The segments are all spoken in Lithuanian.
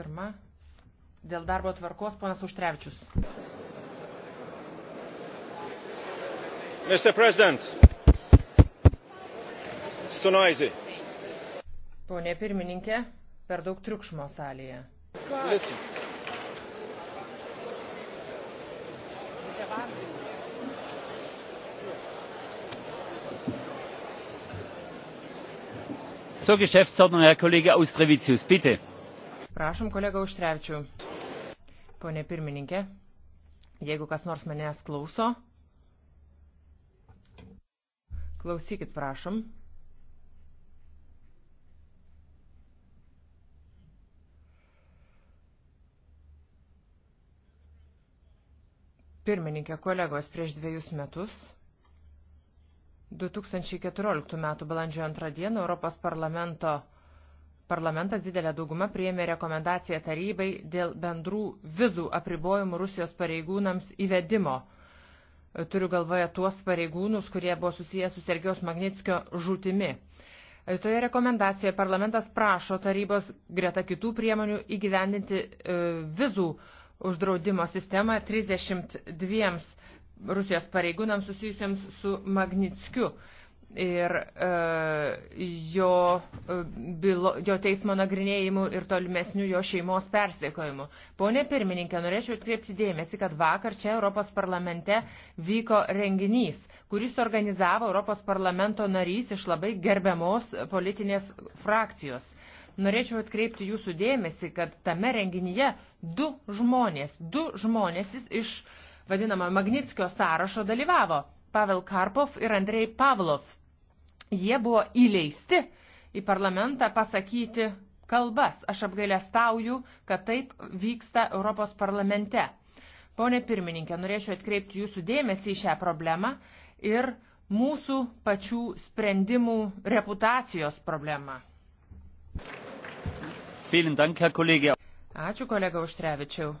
Pirma, dėl darbo tvarkos, ponas Užtrevičius. Mr. President, Stonoizi. Pone pirmininkė, per daug triukšmo salėje. Listen. Zur Geschäftsordnung, Herr Kollege Austrevicius, bitte. Prašom, kolega Užtrevičių. Pone pirmininkė, jeigu kas nors manęs klauso, klausykit, prašom. pirmininkė kolegos prieš dviejus metus. 2014 m. balandžio 2 d. Europos parlamento parlamentas didelę daugumą priėmė rekomendaciją tarybai dėl bendrų vizų apribojimų Rusijos pareigūnams įvedimo. Turiu galvoje tuos pareigūnus, kurie buvo susijęs su Sergijos Magnitskio žūtimi. Toje rekomendacijoje parlamentas prašo tarybos greta kitų priemonių įgyvendinti e, vizų uždraudimo sistemą 32 Rusijos pareigūnams susijusiams su Magnitskiu ir e, jo, e, bylo, jo teismo nagrinėjimu ir tolimesnių jo šeimos persiekojimu. Pone pirmininkė, norėčiau atkreipti dėmesį, kad vakar čia Europos parlamente vyko renginys, kuris organizavo Europos parlamento narys iš labai gerbiamos politinės frakcijos. Norėčiau atkreipti jūsų dėmesį, kad tame renginyje du žmonės, du žmonės iš vadinamą Magnitskio sąrašo dalyvavo Pavel Karpov ir Andrei Pavlov. Jie buvo įleisti į parlamentą pasakyti kalbas. Aš apgailestauju, kad taip vyksta Europos parlamente. Pone pirmininkė, norėčiau atkreipti jūsų dėmesį į šią problemą ir mūsų pačių sprendimų reputacijos problemą. Ačiū kolega Užtrevičiau.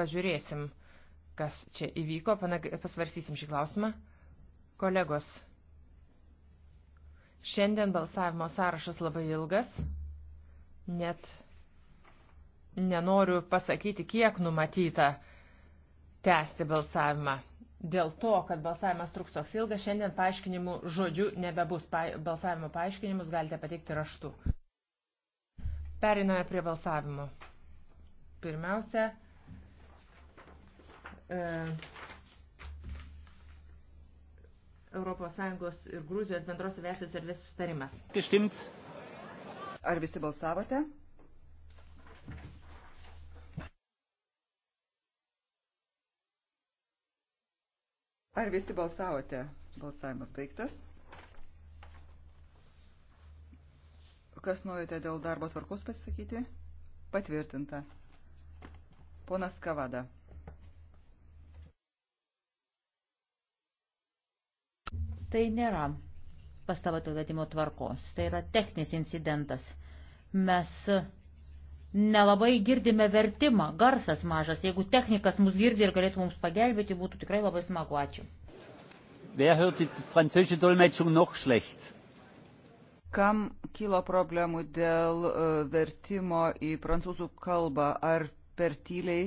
Pažiūrėsim kas čia įvyko, pasvarstysim šį klausimą. Kolegos, šiandien balsavimo sąrašas labai ilgas, net nenoriu pasakyti, kiek numatyta tęsti balsavimą. Dėl to, kad balsavimas truks toks ilgas, šiandien paaiškinimų žodžių nebebus. Pa, balsavimo paaiškinimus galite pateikti raštu. Periname prie balsavimo. Pirmiausia, ES ir Gruzijos bendros aviacijos erdvės sustarimas. Gestimmt. Ar visi balsavote? Ar visi balsavote? Balsavimas baigtas. Kas norite dėl darbo tvarkos pasisakyti? Patvirtinta. Ponas Kavada. Tai nėra pastavo atvedimo tvarkos, tai yra techninis incidentas. Mes nelabai girdime vertimą, garsas mažas. Jeigu technikas mus girdi ir galėtų mums pagelbėti, būtų tikrai labai smagu. Ačiū. Wer hört die französische Dolmetschung noch schlecht? Kam kilo problemų dėl e, vertimo į prancūzų kalbą? Ar per tyliai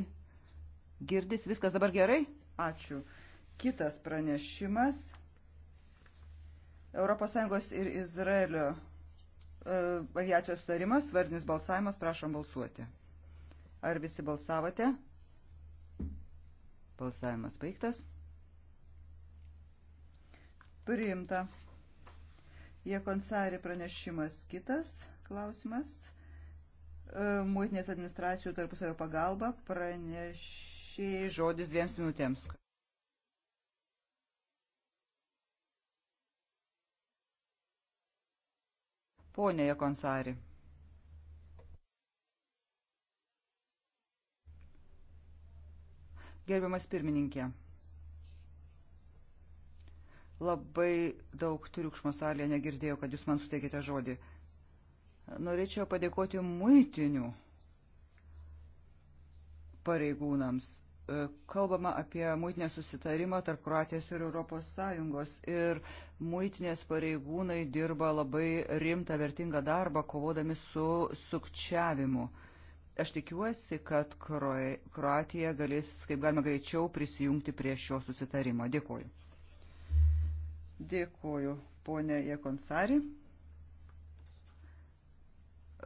girdis viskas dabar gerai? Ačiū. Kitas pranešimas. ES ir Izraelio e, aviacijos sutarimas, vardinis balsavimas, prašom balsuoti. Ar visi balsavote? Balsavimas baigtas. Priimta. Jekonsari pranešimas kitas klausimas. E, muitinės administracijų tarpusavio pagalba pranešėjai žodis dviems minutėms. Pone Jekonsari. Gerbiamas pirmininkė. Labai daug triukšmo salėje negirdėjau, kad jūs man suteikite žodį. Norėčiau padėkoti muitinių pareigūnams E, kalbama apie muitinę susitarimą tarp Kroatijos ir Europos Sąjungos ir muitinės pareigūnai dirba labai rimtą, vertingą darbą, kovodami su sukčiavimu. Aš tikiuosi, kad Kroatija galės, kaip galima greičiau, prisijungti prie šio susitarimo. Dėkuoju. Dėkuoju, ponė Jekonsari.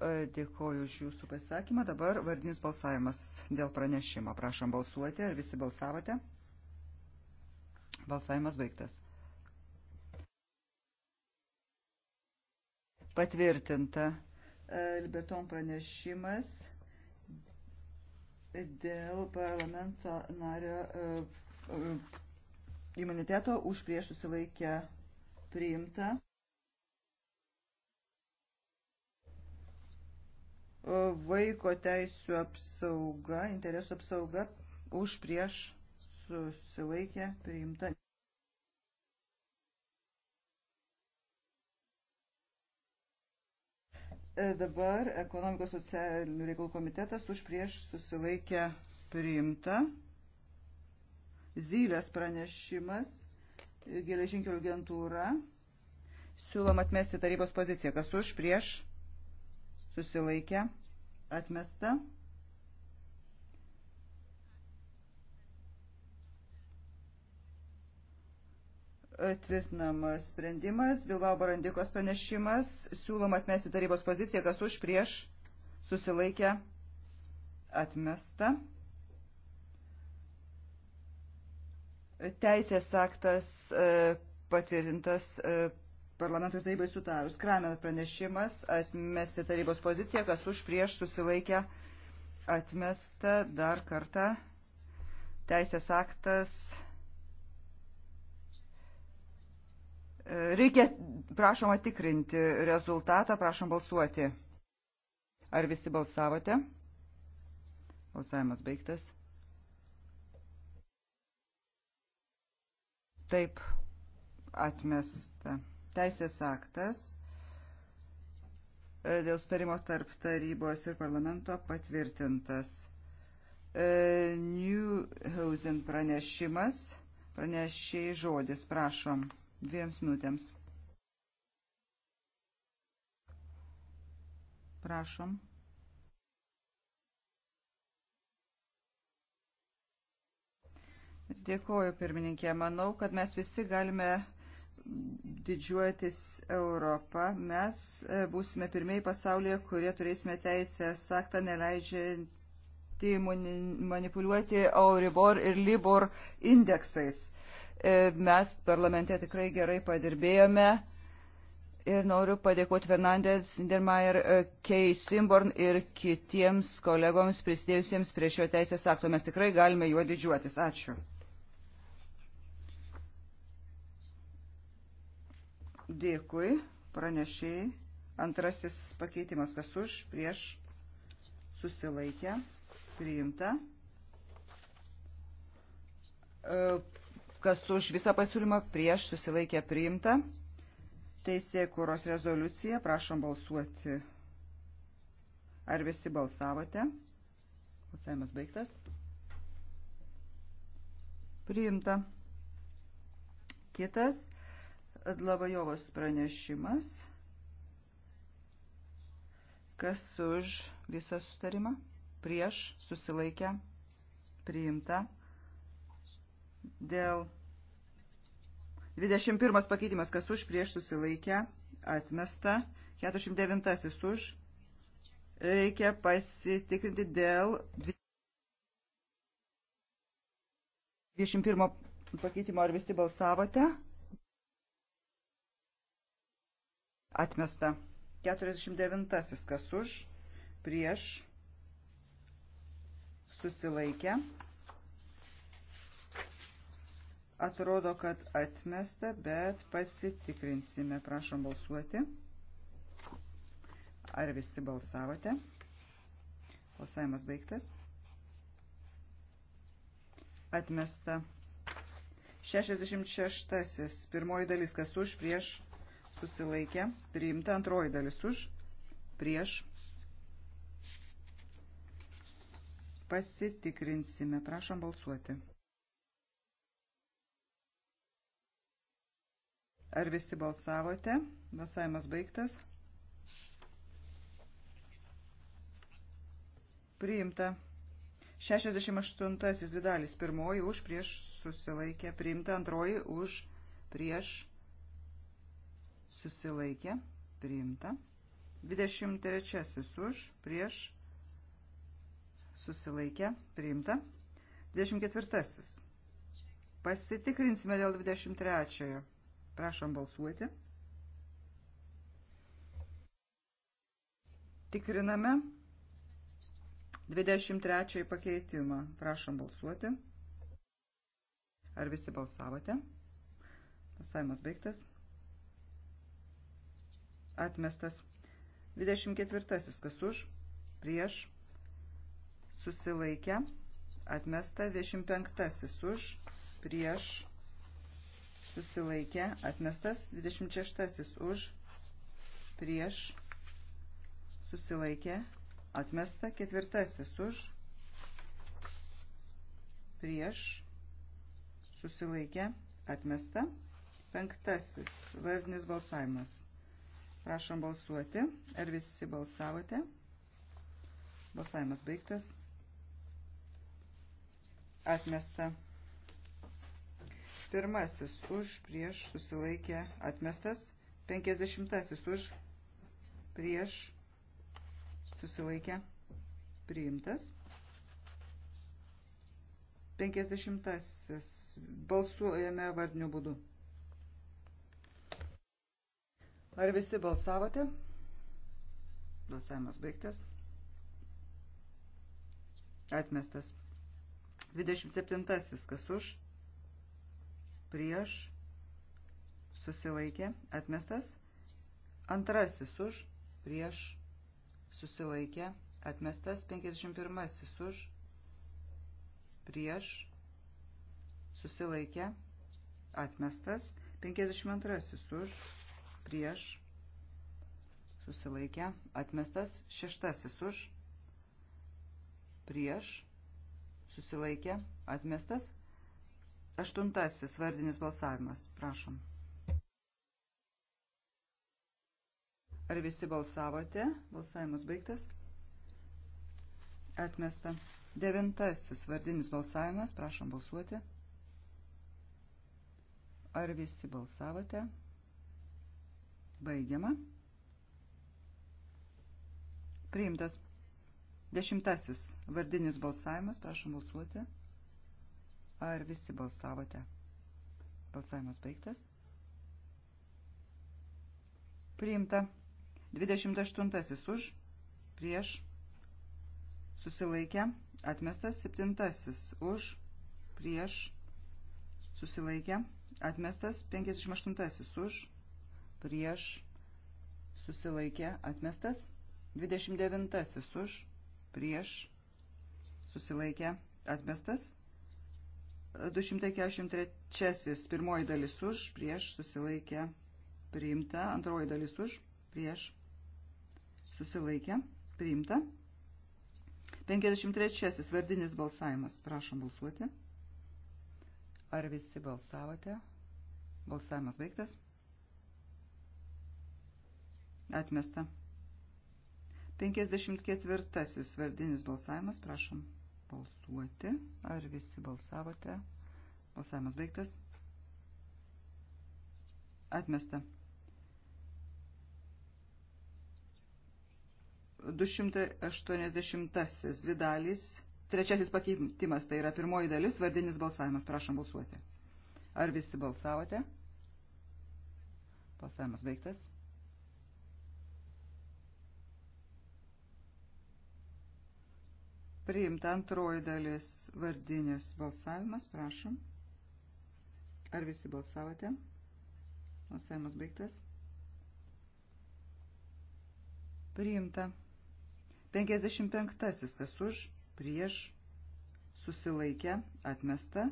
E, dėkoju už jūsų pasisakymą. Dabar vardinis balsavimas dėl pranešimo. Prašom balsuoti. Ar visi balsavote? Balsavimas baigtas. Patvirtinta. E, Libeton pranešimas dėl parlamento nario e, imuniteto už prieš susilaikę priimta. vaiko teisų apsauga, interesų apsauga už prieš susilaikę priimta. E, dabar ekonomikos socialinių reikalų komitetas už prieš susilaikę priimta. Zylės pranešimas, geležinkelių agentūra. Siūlom atmesti tarybos poziciją. Kas už prieš susilaikę, atmesta. Tvirtinamas sprendimas, Bilbao Barandikos pranešimas, siūloma atmesti tarybos poziciją, kas už prieš susilaikę, atmesta. Teisės aktas e, patvirtintas e, parlamento ir tarybai sutarus. Kramen pranešimas atmesti tarybos poziciją, kas už prieš susilaikę atmesta dar kartą. Teisės aktas. E, reikia, prašoma, tikrinti rezultatą, prašom balsuoti. Ar visi balsavote? Balsavimas baigtas. Taip, atmesta teisės aktas e, dėl sutarimo tarp tarybos ir parlamento patvirtintas. E, Newhausen pranešimas, pranešiai žodis, prašom, dviems minutėms. Prašom. Dėkuoju, pirmininkė. Manau, kad mes visi galime didžiuotis Europą. Mes e, būsime pirmieji pasaulyje, kurie turėsime teisės aktą neleidžiantį manipuliuoti Euribor ir Libor indeksais. E, mes parlamente tikrai gerai padirbėjome ir noriu padėkoti Fernandės, Sindermayer, e, Kei Swinborn ir kitiems kolegoms prisidėjusiems prie šio teisės akto. Mes tikrai galime juo didžiuotis. Ačiū. Dėkui, pranešiai. Antrasis pakeitimas, kas už, prieš, susilaikę, priimta. E, kas už visą pasiūlymą, prieš, susilaikę, priimta. Teisė kūros rezoliucija, prašom balsuoti. Ar visi balsavote? Balsavimas baigtas. Priimta. Kitas. Labajovos pranešimas. Kas už visą sustarimą? Prieš susilaikę priimta. Dėl 21 pakeitimas, kas už prieš susilaikę atmesta. 49 už. Reikia pasitikrinti dėl 21 pakeitimo, ar visi balsavote. atmesta. 49. Kas už, prieš, susilaikę. Atrodo, kad atmesta, bet pasitikrinsime. Prašom balsuoti. Ar visi balsavote? Balsavimas baigtas. Atmesta. 66. Pirmoji dalis, kas už, prieš, susilaikė, priimta antroji dalis už, prieš. Pasitikrinsime, prašom balsuoti. Ar visi balsavote? Balsavimas baigtas. Priimta. 68 dvi dalis. Pirmoji už prieš susilaikė. Priimta antroji už prieš susilaikė, priimta. 23 už, prieš, susilaikė, priimta. 24. Pasitikrinsime dėl 23. Prašom balsuoti. Tikriname 23 pakeitimą. Prašom balsuoti. Ar visi balsavote? Pasavimas baigtas atmestas. 24. Kas už, prieš, susilaikę, atmesta. 25. Už, prieš, susilaikę, atmestas. 26. Už, prieš, susilaikę, atmesta. 4. Už, prieš, susilaikę, atmesta. Penktasis. Vardinis balsavimas. Prašom balsuoti. Ar visi balsavote? Balsavimas baigtas. Atmesta. Pirmasis už prieš susilaikė atmestas. Penkiasdešimtasis už prieš susilaikė priimtas. Penkiasdešimtasis balsuojame vardiniu būdu. Ar visi balsavote? Balsavimas baigtas. Atmestas. 27. Kas už? Prieš. Susilaikė. Atmestas. Antrasis už. Prieš. Susilaikė. Atmestas. 51. Už. Prieš. Susilaikė. Atmestas. 52. Už prieš, susilaikę, atmestas, šeštasis už, prieš, susilaikę, atmestas, aštuntasis vardinis balsavimas, prašom. Ar visi balsavote? Balsavimas baigtas. Atmesta. Devintasis vardinis balsavimas, prašom balsuoti. Ar visi balsavote? Baigiama. Priimtas. Dešimtasis vardinis balsavimas. Prašom balsuoti. Ar visi balsavote? Balsavimas baigtas. Priimta. 28 už. Prieš. Susilaikę. Atmestas. 7 už. Prieš. Susilaikę. Atmestas. 58 už prieš susilaikė atmestas. 29 už prieš susilaikė atmestas. 243 pirmoji dalis už prieš susilaikė priimta. Antroji dalis už prieš susilaikė priimta. 53 vardinis balsavimas. Prašom balsuoti. Ar visi balsavote? Balsavimas baigtas. Atmesta. 54 vardinis balsavimas. Prašom balsuoti. Ar visi balsavote? Balsavimas baigtas. Atmesta. 280 dvi dalys. Trečiasis pakeitimas tai yra pirmoji dalis, vardinis balsavimas. Prašom balsuoti. Ar visi balsavote? Balsavimas baigtas. Priimta antroji dalis vardinės balsavimas, prašom. Ar visi balsavote? Balsavimas baigtas. Priimta. 55. Kas už, prieš, susilaikę, atmesta.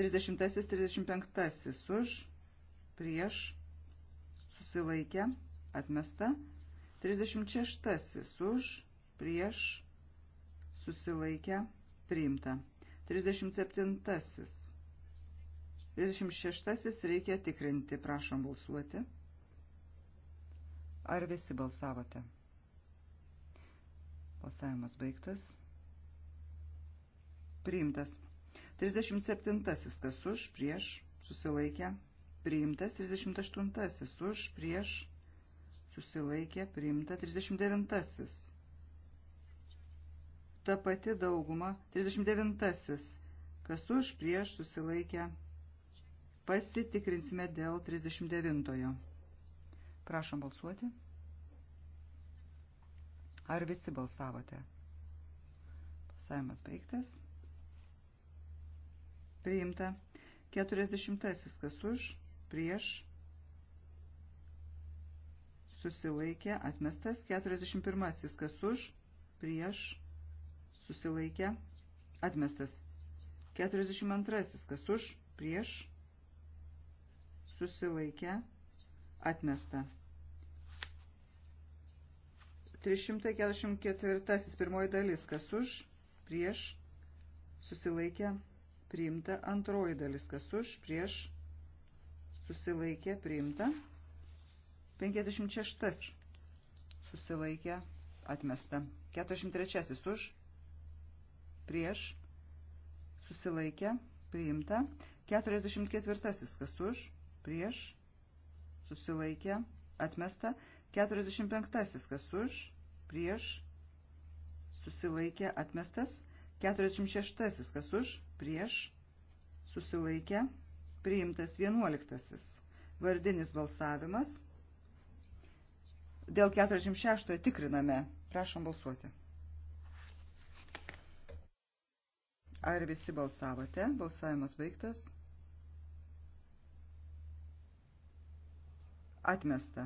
30. 35. Už, prieš, susilaikę, atmesta. 36. Už, prieš, susilaikę susilaikę, priimta. 37. 36 reikia tikrinti, prašom balsuoti. Ar visi balsavote? Balsavimas baigtas. Priimtas. 37. Kas už, prieš, susilaikė. Priimtas. 38. Už, prieš, susilaikė. Priimta. 39 ta pati dauguma, 39-asis, kas už prieš susilaikę, pasitikrinsime dėl 39-ojo. Prašom balsuoti. Ar visi balsavote? Balsavimas baigtas. Priimta. 40-asis, kas už prieš susilaikė, atmestas 41-asis, kas už prieš susilaikė susilaikė, atmestas. 42. Kas už, prieš, susilaikė, atmesta. 344. Pirmoji dalis. Kas už, prieš, susilaikė, priimta. Antroji dalis. Kas už, prieš, susilaikė, priimta. 56. Susilaikė, atmesta. 43. Už, prieš, susilaikė, priimta. 44 kas už, prieš, susilaikė, atmesta. 45 kas už, prieš, susilaikė, atmestas. 46 kas už, prieš, susilaikė, priimtas. 11 vardinis balsavimas. Dėl 46 tikriname. Prašom balsuoti. Ar visi balsavote? Balsavimas baigtas. Atmesta.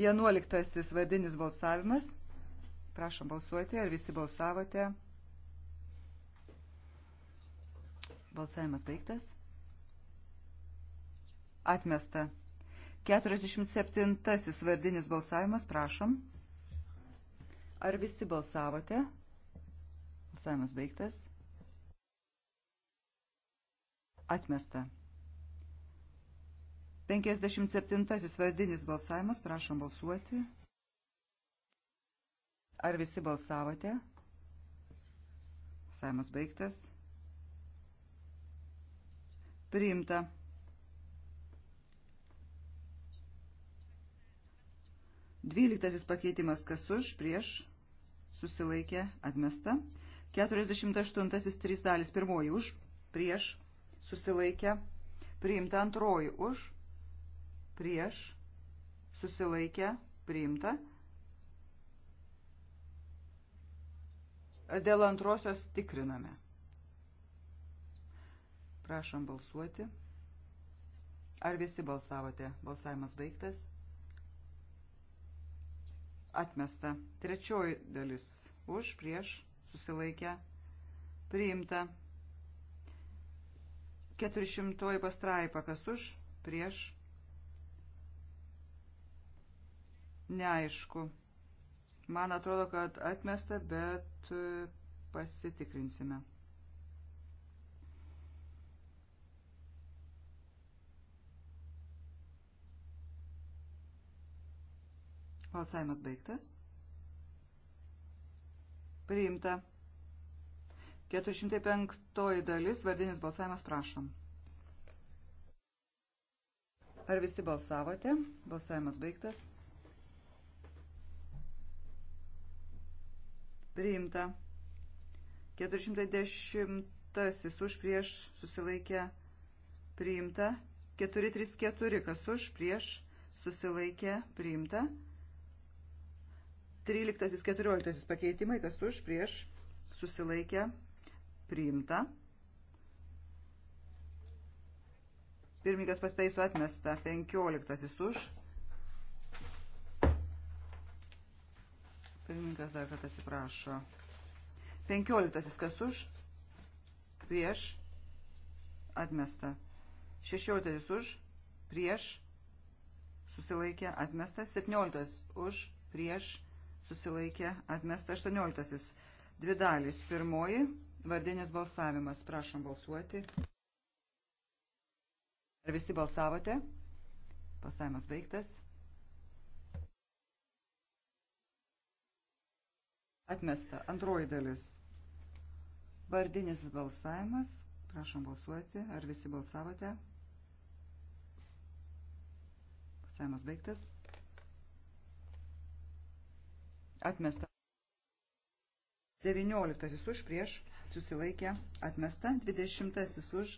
Vienuoliktasis vardinis balsavimas. Prašom balsuoti, ar visi balsavote. Balsavimas baigtas. Atmesta. 47 vardinis balsavimas, prašom. Ar visi balsavote? Balsavimas baigtas. Atmesta. 57 vardinis balsavimas, prašom balsuoti. Ar visi balsavote? Balsavimas baigtas. Priimta. Dvyliktasis pakeitimas kas už, prieš, susilaikė atmesta. 48 trys dalis pirmoji už, prieš susilaikė priimta antroji už, prieš susilaikė priimta. Dėl antrosios tikriname. Prašom balsuoti. Ar visi balsavote? Balsavimas baigtas. Atmesta. Trečioji dalis. Už, prieš, susilaikę, priimta. 400 pastraipa. Kas už, prieš, neaišku. Man atrodo, kad atmesta, bet e, pasitikrinsime. Balsavimas baigtas. Priimta. 405 dalis, vardinis balsavimas prašom. Ar visi balsavote? Balsavimas baigtas. Priimta. 410 už prieš susilaikė priimta. 434 kas už prieš susilaikė priimta. 13-14 pakeitimai, kas už, prieš, susilaikę, priimta. Pirmininkas pasitaiso atmesta, 15 už. Pirmininkas dar kartą atsiprašo. 15 kas už, prieš, atmesta. 16 už, prieš, susilaikė, atmesta. 17 už, prieš, atmesta susilaikė, atmesta 18. Dvi dalys. Pirmoji, vardinis balsavimas. Prašom balsuoti. Ar visi balsavote? Balsavimas baigtas. Atmesta. Antroji dalis. Vardinis balsavimas. Prašom balsuoti. Ar visi balsavote? Balsavimas baigtas atmesta. 19 už prieš susilaikė atmesta, 20 už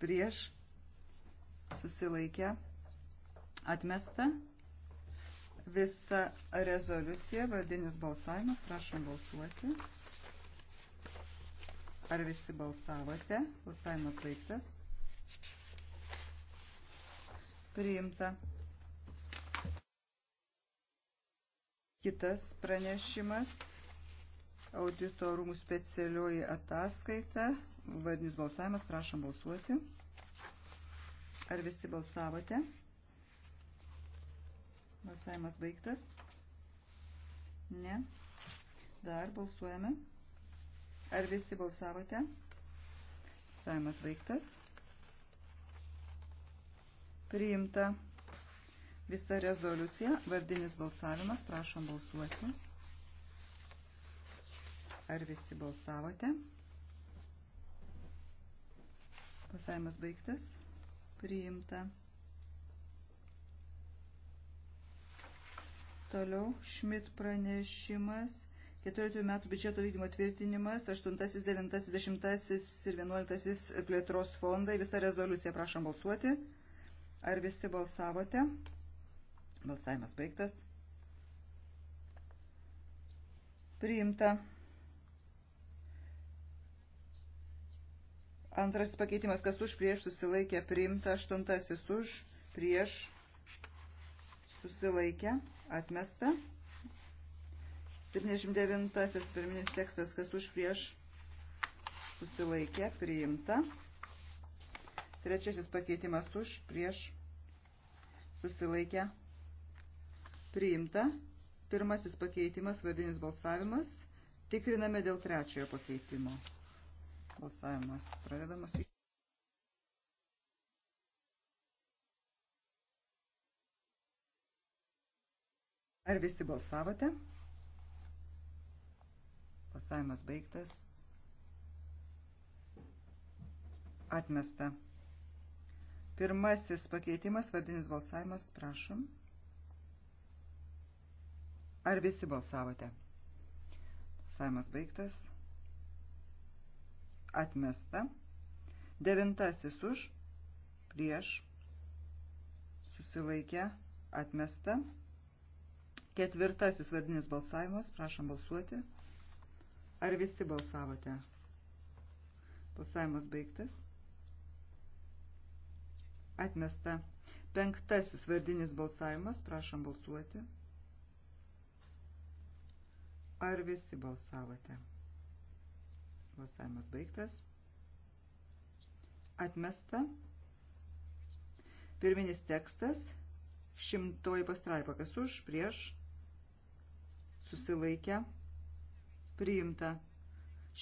prieš susilaikė atmesta. Visa rezoliucija, vardinis balsavimas, prašom balsuoti. Ar visi balsavote? Balsavimas baigtas. Priimta. Kitas pranešimas – audito rūmų specialioji ataskaita, vardinis balsavimas, prašom balsuoti. Ar visi balsavote? Balsavimas baigtas? Ne. Dar balsuojame. Ar visi balsavote? Balsavimas baigtas. Priimta. Visa rezoliucija, vardinis balsavimas, prašom balsuoti. Ar visi balsavote? Balsavimas baigtas. Priimta. Toliau Šmit pranešimas. 14 metų biudžeto vykdymo tvirtinimas, 8, 9, 10 ir 11 plėtros fondai. Visa rezoliucija prašom balsuoti. Ar visi balsavote? Balsavimas baigtas. Priimta. Antrasis pakeitimas, kas už prieš susilaikė, priimta. Aštuntasis už prieš susilaikė, atmesta. 79-asis pirminis tekstas, kas už prieš susilaikė, priimta. Trečiasis pakeitimas už prieš susilaikė, priimta Priimta. Pirmasis pakeitimas, vardinis balsavimas. Tikriname dėl trečiojo pakeitimo. Balsavimas pradedamas. Ar visi balsavote? Balsavimas baigtas. Atmesta. Pirmasis pakeitimas, vardinis balsavimas, prašom. Prašom. Ar visi balsavote? Saimas baigtas. Atmesta. Devintasis už. Prieš. Susilaikė. Atmesta. Ketvirtasis vardinis balsavimas. Prašom balsuoti. Ar visi balsavote? Balsavimas baigtas. Atmesta. Penktasis vardinis balsavimas. Prašom balsuoti. Ar visi balsavote? Balsavimas baigtas. Atmesta. Pirminis tekstas. Šimtoji pastraipa. Kas už? Prieš. Susilaikę. Priimta.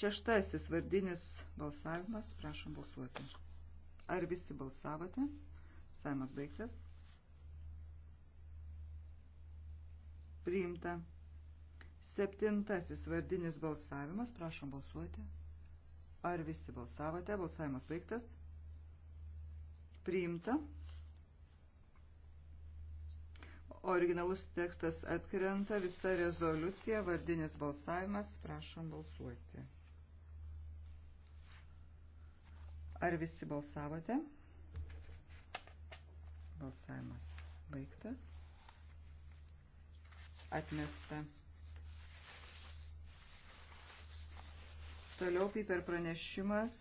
Šeštasis vardinis balsavimas. Prašom balsuoti. Ar visi balsavote? Saimas baigtas. Priimta. Septintasis vardinis balsavimas. Prašom balsuoti. Ar visi balsavote? Balsavimas baigtas. Priimta. Originalus tekstas atkrenta. Visa rezoliucija. Vardinis balsavimas. Prašom balsuoti. Ar visi balsavote? Balsavimas baigtas. Atmesta. Toliau Piper pranešimas.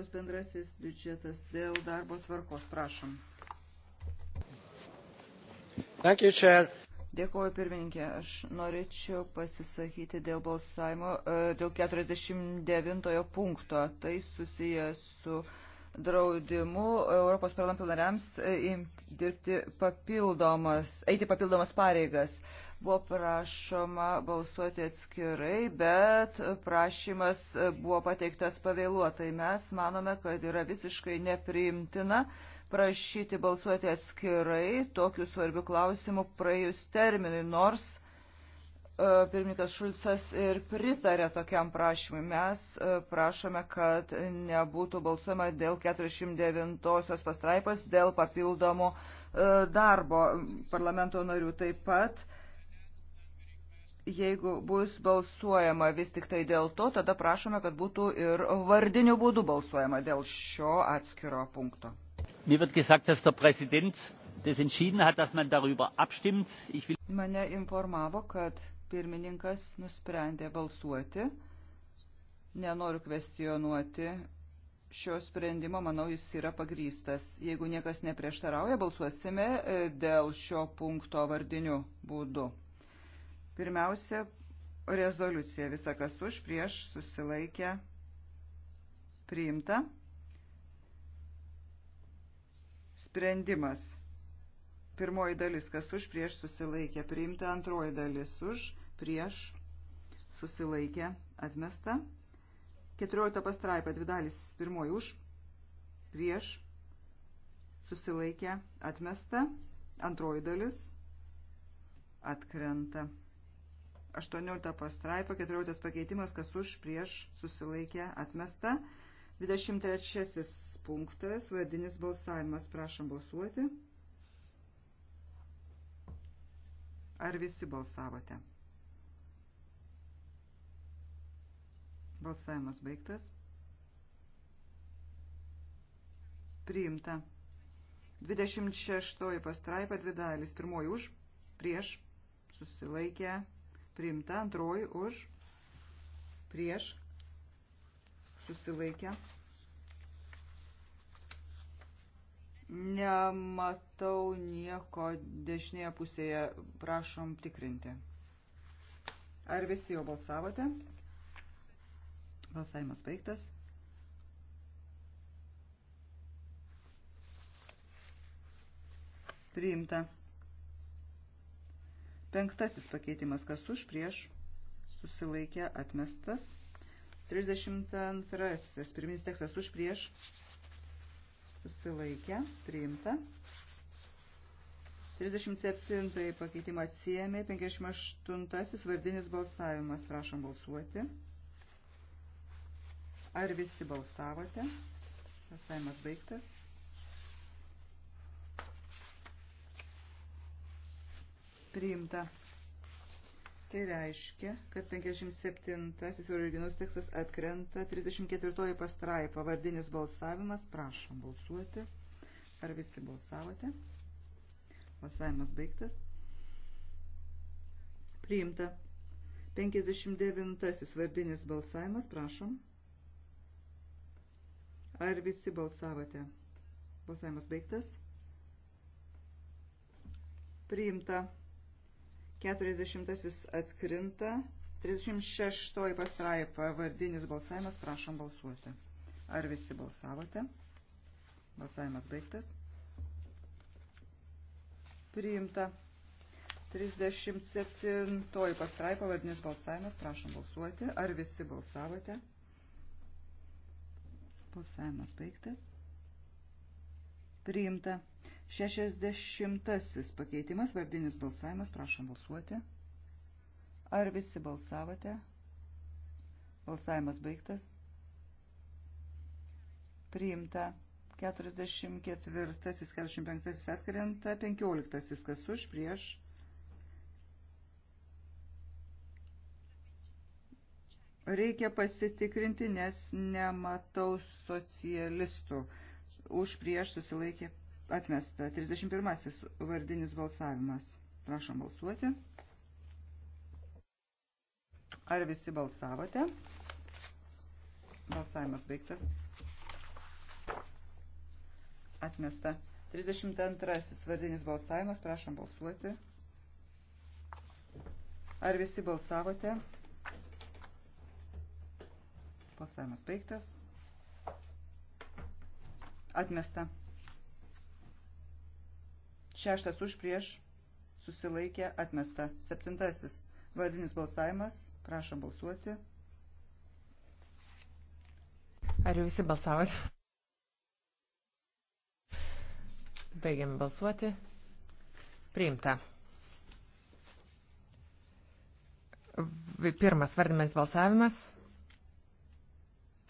ES bendrasis biudžetas dėl darbo tvarkos. Prašom. Thank you, Chair. Dėkuoju pirmininkė. Aš norėčiau pasisakyti dėl balsavimo, e, dėl 49 punkto. Tai susijęs su draudimu Europos parlamento nariams e, dirbti papildomas, eiti papildomas pareigas. Buvo prašoma balsuoti atskirai, bet prašymas buvo pateiktas pavėluotai. Mes manome, kad yra visiškai nepriimtina prašyti balsuoti atskirai tokių svarbių klausimų praėjus terminui, nors e, pirmininkas Šulcas ir pritarė tokiam prašymui. Mes e, prašome, kad nebūtų balsuojama dėl 49 pastraipas, dėl papildomų e, darbo parlamento narių taip pat. Jeigu bus balsuojama vis tik tai dėl to, tada prašome, kad būtų ir vardiniu būdu balsuojama dėl šio atskiro punkto. Mane informavo, kad pirmininkas nusprendė balsuoti. Nenoriu kvestionuoti šio sprendimo, manau, jis yra pagrystas. Jeigu niekas neprieštarauja, balsuosime e, dėl šio punkto vardiniu būdu. Pirmiausia, rezoliucija visą kas už, prieš, susilaikę, priimta. Sprendimas. Pirmoji dalis, kas už, prieš, susilaikę, priimta. Antroji dalis už, prieš, susilaikę, atmesta. 14 pastraipa, dvi dalis, pirmoji už, prieš, susilaikę, atmesta. Antroji dalis, atkrenta. 18 pastraipa, 14 pakeitimas, kas už prieš susilaikė atmesta. 23 punktas, vardinis balsavimas, prašom balsuoti. Ar visi balsavote? Balsavimas baigtas. Priimta. 26 pastraipa, dvi dalis, pirmoji už, prieš, susilaikė, priimta, antroji už, prieš, susilaikę. Nematau nieko dešinėje pusėje, prašom tikrinti. Ar visi jau balsavote? Balsavimas baigtas. Priimta. Penktasis pakeitimas, kas už prieš susilaikė atmestas. 32. Pirminis tekstas už prieš susilaikė priimta. 37. pakeitimą atsijėmė. 58. vardinis balsavimas. Prašom balsuoti. Ar visi balsavote? Balsavimas baigtas. priimta. Tai reiškia, kad 57-asis originus tekstas atkrenta, 34-oji pastraipa, vardinis balsavimas, prašom balsuoti. Ar visi balsavote? Balsavimas baigtas. Priimta. 59-asis vardinis balsavimas, prašom. Ar visi balsavote? Balsavimas baigtas. Priimta. 40 atkrinta, 36 pastraipa vardinis balsavimas, prašom balsuoti. Ar visi balsavote? Balsavimas baigtas. Priimta. 37 pastraipa vardinis balsavimas, prašom balsuoti. Ar visi balsavote? Balsavimas baigtas. Priimta. 60 pakeitimas, vardinis balsavimas, prašom balsuoti. Ar visi balsavote? Balsavimas baigtas. Priimta. 44, 45 atkrenta, 15 kas už, prieš. Reikia pasitikrinti, nes nematau socialistų. Už prieš susilaikė atmesta. 31 vardinis balsavimas. Prašom balsuoti. Ar visi balsavote? Balsavimas baigtas. Atmesta. 32 vardinis balsavimas. Prašom balsuoti. Ar visi balsavote? Balsavimas baigtas. Atmesta. Šeštas už prieš susilaikė atmesta. Septintasis vardinis balsavimas. Prašom balsuoti. Ar jau visi balsavote? Baigiam balsuoti. Priimta. Pirmas vardinis balsavimas.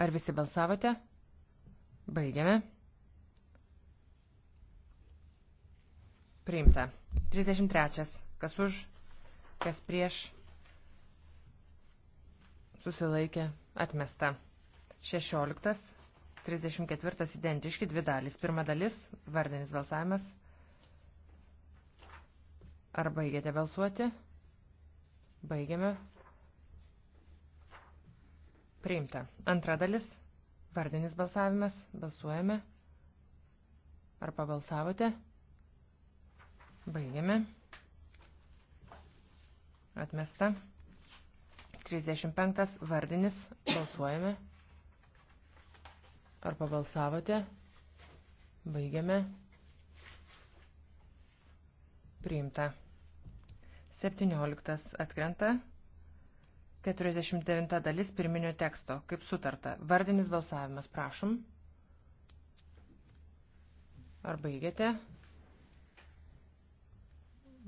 Ar visi balsavote? Baigiame. priimta. 33. Kas už, kas prieš, susilaikė, atmesta. 16. 34. Identiški dvi dalys. Pirma dalis, vardinis balsavimas. Ar baigėte balsuoti? Baigėme. Priimta. Antra dalis. Vardinis balsavimas. Balsuojame. Ar pabalsavote? Baigiame. Atmesta. 35 vardinis. Balsuojame. Ar pabalsavote? Baigiame. Priimta. 17 atkrenta. 49 dalis pirminio teksto, kaip sutarta. Vardinis balsavimas, prašom. Ar baigėte?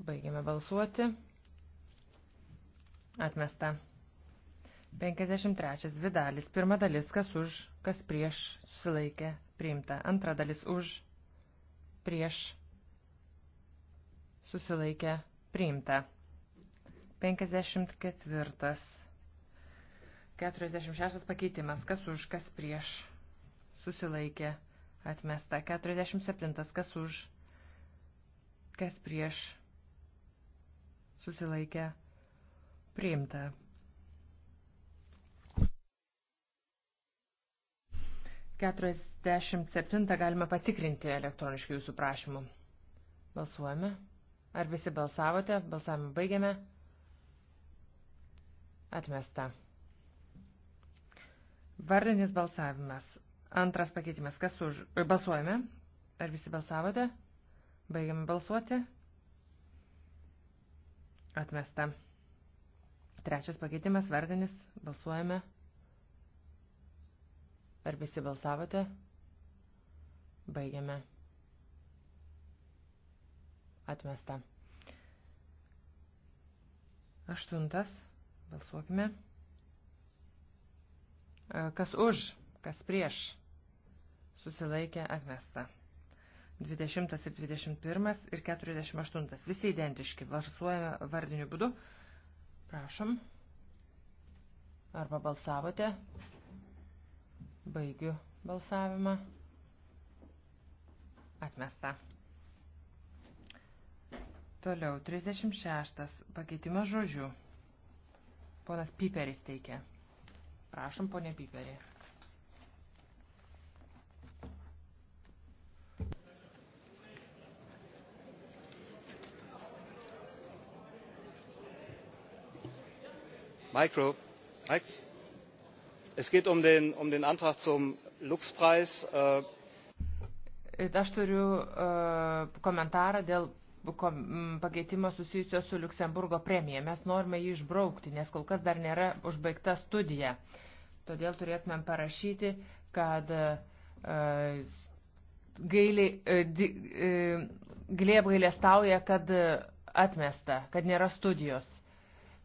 Baigiame balsuoti. Atmesta. 53. Dvi dalis. Pirma dalis, kas už, kas prieš, susilaikė, priimta. Antra dalis už, prieš, susilaikė, priimta. 54. 46 pakeitimas, kas už, kas prieš, susilaikė, atmesta. 47. Kas už, kas prieš, susilaikę priimta. Keturiasdešimt septintą galime patikrinti elektroniškai jūsų prašymu. Balsuojame. Ar visi balsavote? Balsavimą baigiame. Atmesta. Vardinis balsavimas. Antras pakeitimas. Kas už... Balsuojame. Ar visi balsavote? Baigiame balsuoti. Atmesta. Trečias pakeitimas vardinis. Balsuojame. Ar visi balsavote? Baigiame. Atmesta. Aštuntas. Balsuokime. Kas už, kas prieš. Susilaikė atmesta. 20 ir 21 ir 48. Visi identiški. Varsuojame vardiniu būdu. Prašom. Arba balsavote. Baigiu balsavimą. Atmesta. Toliau, 36. Pakeitimas žodžių. Ponas Piperis teikia. Prašom, ponė Piperį. es geht um den um antrag zum lux preis. Äh, äh, aš turiu äh, komentarą dėl pakeitimo susijusio su liuksemburgo premija mes norime jį išbraukti nes kol kas dar nėra užbaigta studija todėl turėtumėm parašyti kad gailiai apgailestauja kad atmesta kad nėra studijos.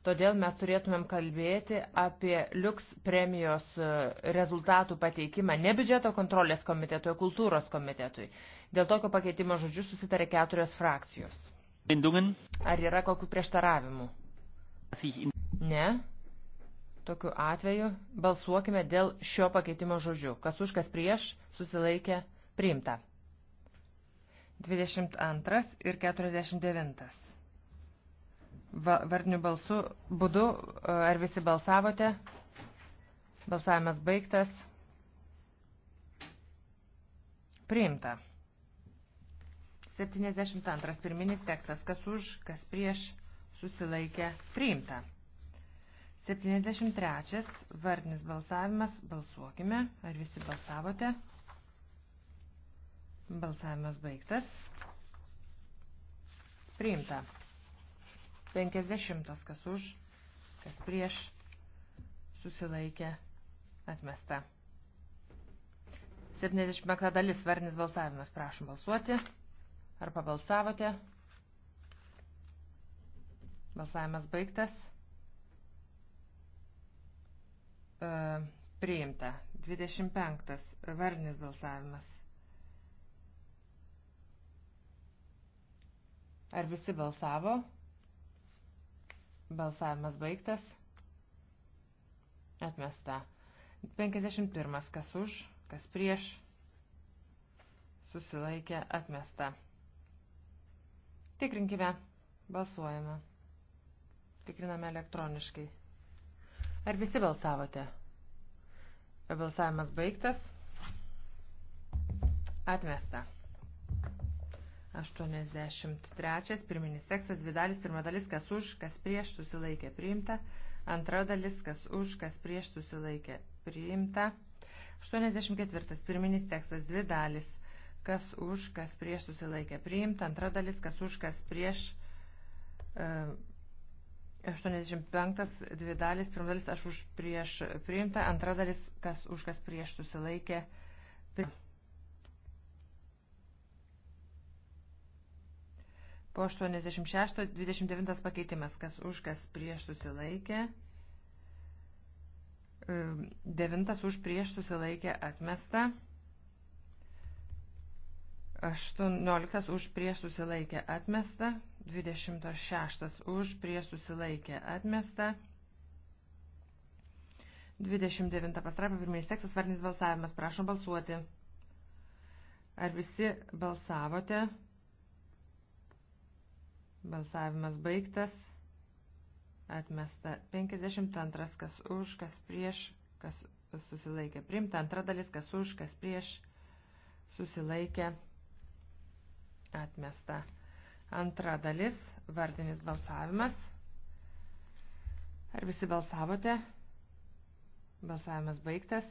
Todėl mes turėtumėm kalbėti apie liuks premijos e, rezultatų pateikimą ne biudžeto kontrolės komitetui, o kultūros komitetui. Dėl tokio pakeitimo žodžių susitarė keturios frakcijos. Ar yra kokių prieštaravimų? Ne. Tokiu atveju balsuokime dėl šio pakeitimo žodžių. Kas už, kas prieš, susilaikė, priimta. 22 ir 49 vardiniu balsu būdu. E, ar visi balsavote? Balsavimas baigtas. Priimta. 72. Pirminis tekstas. Kas už, kas prieš susilaikė. Priimta. 73. Vardinis balsavimas. Balsuokime. Ar visi balsavote? Balsavimas baigtas. Priimta. 50. Kas už, kas prieš, susilaikė, atmesta. 75 dalis varnis balsavimas. Prašom balsuoti. Ar pabalsavote? Balsavimas baigtas. E, priimta. 25. Varnis balsavimas. Ar visi balsavo? Balsavimas baigtas. Atmesta. 51. Kas už, kas prieš. Susilaikė atmesta. Tikrinkime. Balsuojame. Tikriname elektroniškai. Ar visi balsavote? Balsavimas baigtas. Atmesta. 83. Pirminis tekstas, dvi dalis, pirma dalis, kas už, kas prieš susilaikė priimta. Antra dalis, kas už, kas prieš susilaikė priimta. 84. Pirminis tekstas, dvi dalis, kas už, kas prieš susilaikė priimta. Antra dalis, kas už, kas prieš. E, uh, 85. Dvi dalis, pirma dalis, aš už prieš priimta. Antra dalis, kas už, kas prieš susilaikė priimta. Po 86, 29 pakeitimas, kas už, kas prieš susilaikė. Devintas už prieš susilaikė atmesta. 18 už prieš susilaikė atmesta. 26 už prieš susilaikė atmesta. 29 pastraipa pirminis tekstas varnis balsavimas. Prašom balsuoti. Ar visi balsavote? Balsavimas baigtas. Atmesta 52, kas už, kas prieš, kas susilaikė. Primta antra dalis, kas už, kas prieš, susilaikė. Atmesta antra dalis, vardinis balsavimas. Ar visi balsavote? Balsavimas baigtas.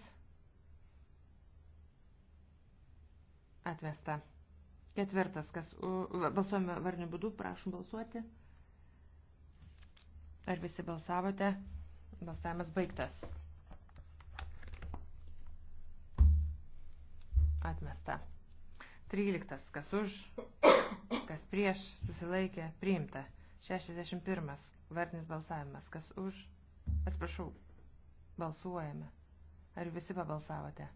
Atmesta. Ketvirtas, kas balsuojame varnių būdų, prašom balsuoti. Ar visi balsavote? Balsavimas baigtas. Atmesta. Tryliktas, kas už, kas prieš, susilaikė, priimta. 61. Vardinis balsavimas. Kas už? Atsiprašau, balsuojame. Ar visi pabalsavote?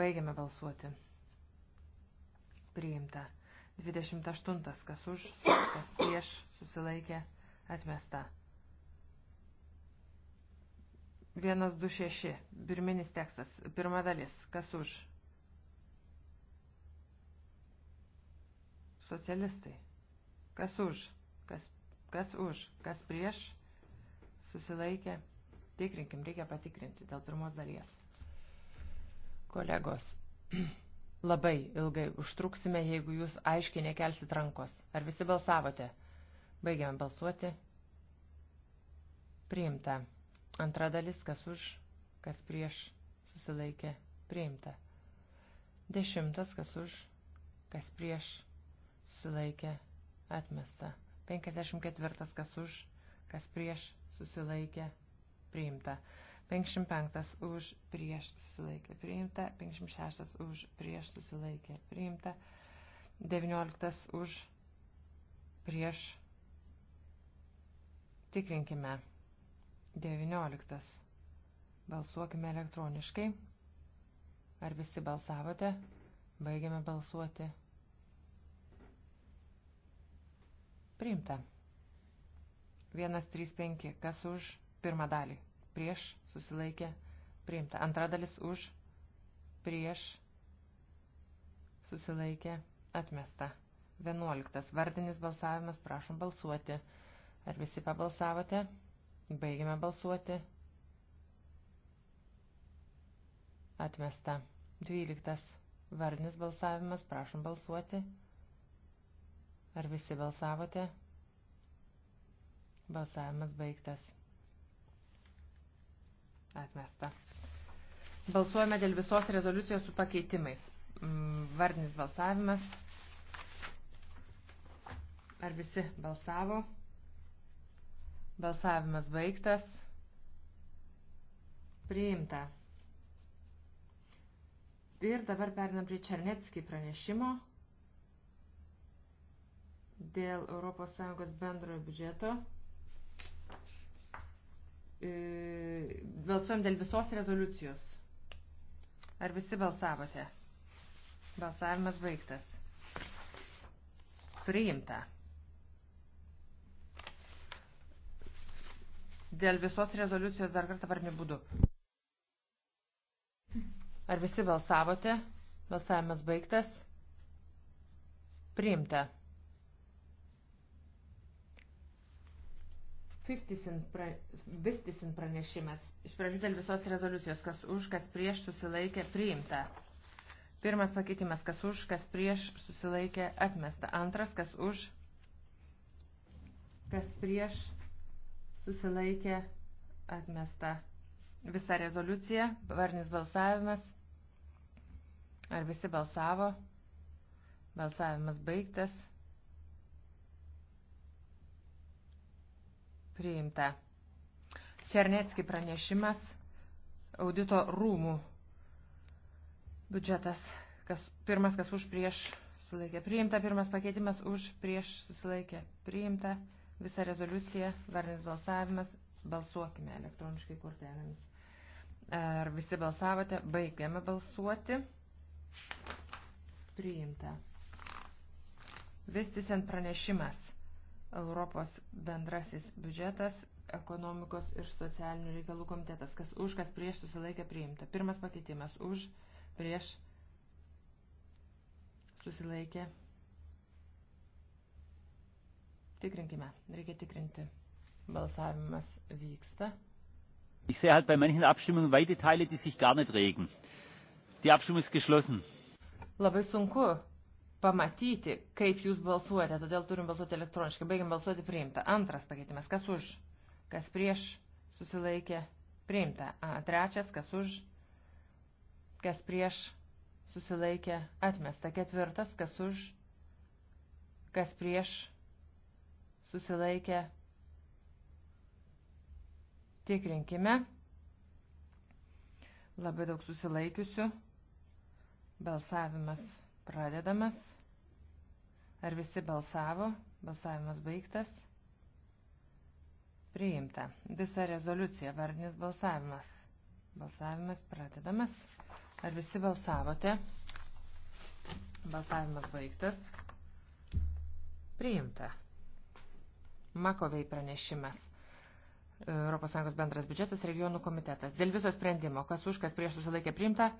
Baigiame balsuoti priimta. 28. Kas už, kas prieš, susilaikė, atmesta. 126. Pirminis tekstas. Pirma dalis. Kas už? Socialistai. Kas už? Kas, kas už? Kas prieš? Susilaikė. Tikrinkim, reikia patikrinti dėl pirmos dalies. Kolegos. Labai ilgai užtruksime, jeigu jūs aiškiai nekelsit rankos. Ar visi balsavote? Baigiam balsuoti. Priimta. Antra dalis, kas už, kas prieš, susilaikė. Priimta. Dešimtas, kas už, kas prieš, susilaikė. Atmesta. 54, kas už, kas prieš, susilaikė. Priimta. 55 už prieš susilaikė priimta, 56 už prieš susilaikė priimta, 19 už prieš tikrinkime 19. Balsuokime elektroniškai. Ar visi balsavote? Baigiame balsuoti. Priimta. 1, 3, 5. Kas už pirmą dalį? Prieš susilaikė, priimta. Antra dalis už, prieš, susilaikė, atmesta. Vienuoliktas vardinis balsavimas, prašom balsuoti. Ar visi pabalsavote? Baigime balsuoti. Atmesta. Dvyliktas vardinis balsavimas, prašom balsuoti. Ar visi balsavote? Balsavimas baigtas. Atmesta. Balsuojame dėl visos rezoliucijos su pakeitimais. Mm, vardinis balsavimas. Ar visi balsavo? Balsavimas baigtas. Priimta. Ir dabar perinam prie Černetskį pranešimo dėl ES bendrojo biudžeto E, balsuojam dėl visos rezoliucijos. Ar visi balsavote? Balsavimas baigtas. Priimta. Dėl visos rezoliucijos dar kartą varnių būdu. Ar visi balsavote? Balsavimas baigtas. Priimta. Vistisin pranešimas. Iš pradžių dėl visos rezoliucijos, kas už, kas prieš susilaikė, priimta. Pirmas pakeitimas, kas už, kas prieš susilaikė, atmesta. Antras, kas už, kas prieš susilaikė, atmesta. Visa rezoliucija, varnis balsavimas. Ar visi balsavo? Balsavimas baigtas. Priimta. Černetski pranešimas audito rūmų biudžetas. Kas, pirmas, kas už prieš susilaikė. Priimta. Pirmas pakeitimas už prieš susilaikė. Priimta. Visa rezoliucija, varnis balsavimas. Balsuokime elektroniškai kortelėmis. Ar visi balsavote? Baigiame balsuoti. Priimta. Vistisen pranešimas. Europos bendrasis biudžetas, ekonomikos ir socialinių reikalų komitetas. Kas už, kas prieš susilaikė priimta. Pirmas pakeitimas už, prieš susilaikė. Tikrinkime, reikia tikrinti. Balsavimas vyksta. Ich sehe halt bei manchen Abstimmungen weite Teile, die sich gar nicht regen. Die Abstimmung ist geschlossen. Labai sunku pamatyti, kaip jūs balsuojate, todėl turim balsuoti elektroniškai. Baigiam balsuoti priimta. Antras pakeitimas, kas už, kas prieš, susilaikė, priimta. A, trečias, kas už, kas prieš, susilaikė, atmesta. Ketvirtas, kas už, kas prieš, susilaikė, tikrinkime. Labai daug susilaikiusių. Balsavimas pradedamas. Ar visi balsavo? Balsavimas baigtas. Priimta. Visa rezoliucija, vardinis balsavimas. Balsavimas pradedamas. Ar visi balsavote? Balsavimas baigtas. Priimta. Makovei pranešimas. ES bendras biudžetas, regionų komitetas. Dėl viso sprendimo, kas už, kas prieš susilaikė priimta.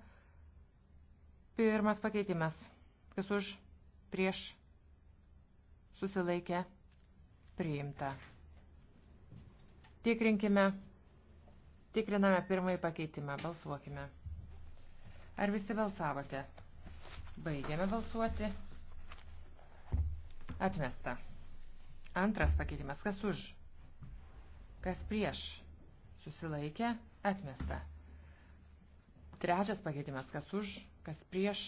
Pirmas pakeitimas. Kas už, prieš susilaikė priimta. Tikrinkime, tikriname pirmąjį pakeitimą, balsuokime. Ar visi balsavote? Baigiame balsuoti. Atmesta. Antras pakeitimas, kas už? Kas prieš? Susilaikė, atmesta. Trečias pakeitimas, kas už, kas prieš,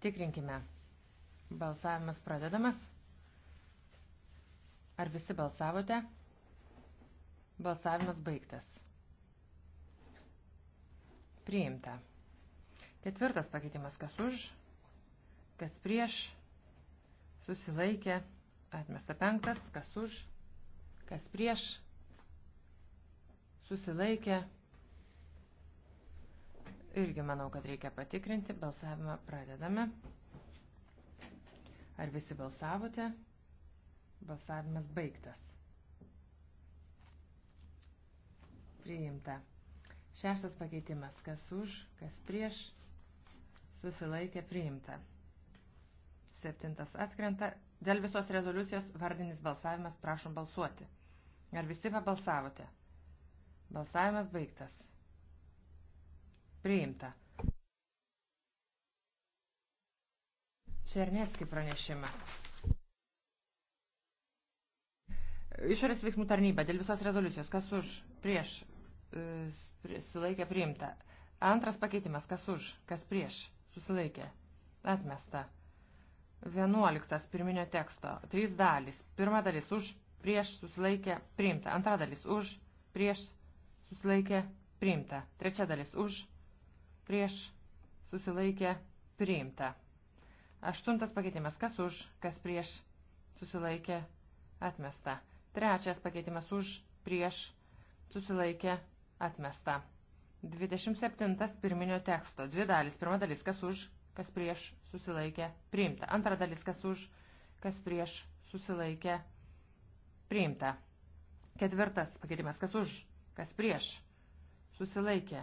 Tikrinkime. Balsavimas pradedamas. Ar visi balsavote? Balsavimas baigtas. Priimta. Ketvirtas pakeitimas, kas už, kas prieš, susilaikė, atmesta penktas, kas už, kas prieš, susilaikė, atmesta. Irgi manau, kad reikia patikrinti. Balsavimą pradedame. Ar visi balsavote? Balsavimas baigtas. Priimta. Šeštas pakeitimas. Kas už, kas prieš, susilaikė priimta. Septintas atkrenta. Dėl visos rezoliucijos vardinis balsavimas prašom balsuoti. Ar visi pabalsavote? Balsavimas baigtas. Priimta. Černiecki pranešimas. Išorės veiksmų tarnyba dėl visos rezoliucijos. Kas už? Prieš. E, susilaikė priimta. Antras pakeitimas. Kas už? Kas prieš? Susilaikė. Atmesta. Vienuoliktas pirminio teksto. Trys dalys. Pirma dalis už, prieš, susilaikė, priimta. Antra dalis už, prieš, susilaikė, priimta. Trečia dalis už, prieš susilaikė priimta. Aštuntas pakeitimas kas už, kas prieš susilaikė atmesta. Trečias pakeitimas už, prieš susilaikė atmesta. 27 pirminio teksto. Dvi dalis. Pirma dalis kas už, kas prieš susilaikė priimta. Antra dalis kas už, kas prieš susilaikė priimta. Ketvirtas pakeitimas kas už, kas prieš susilaikė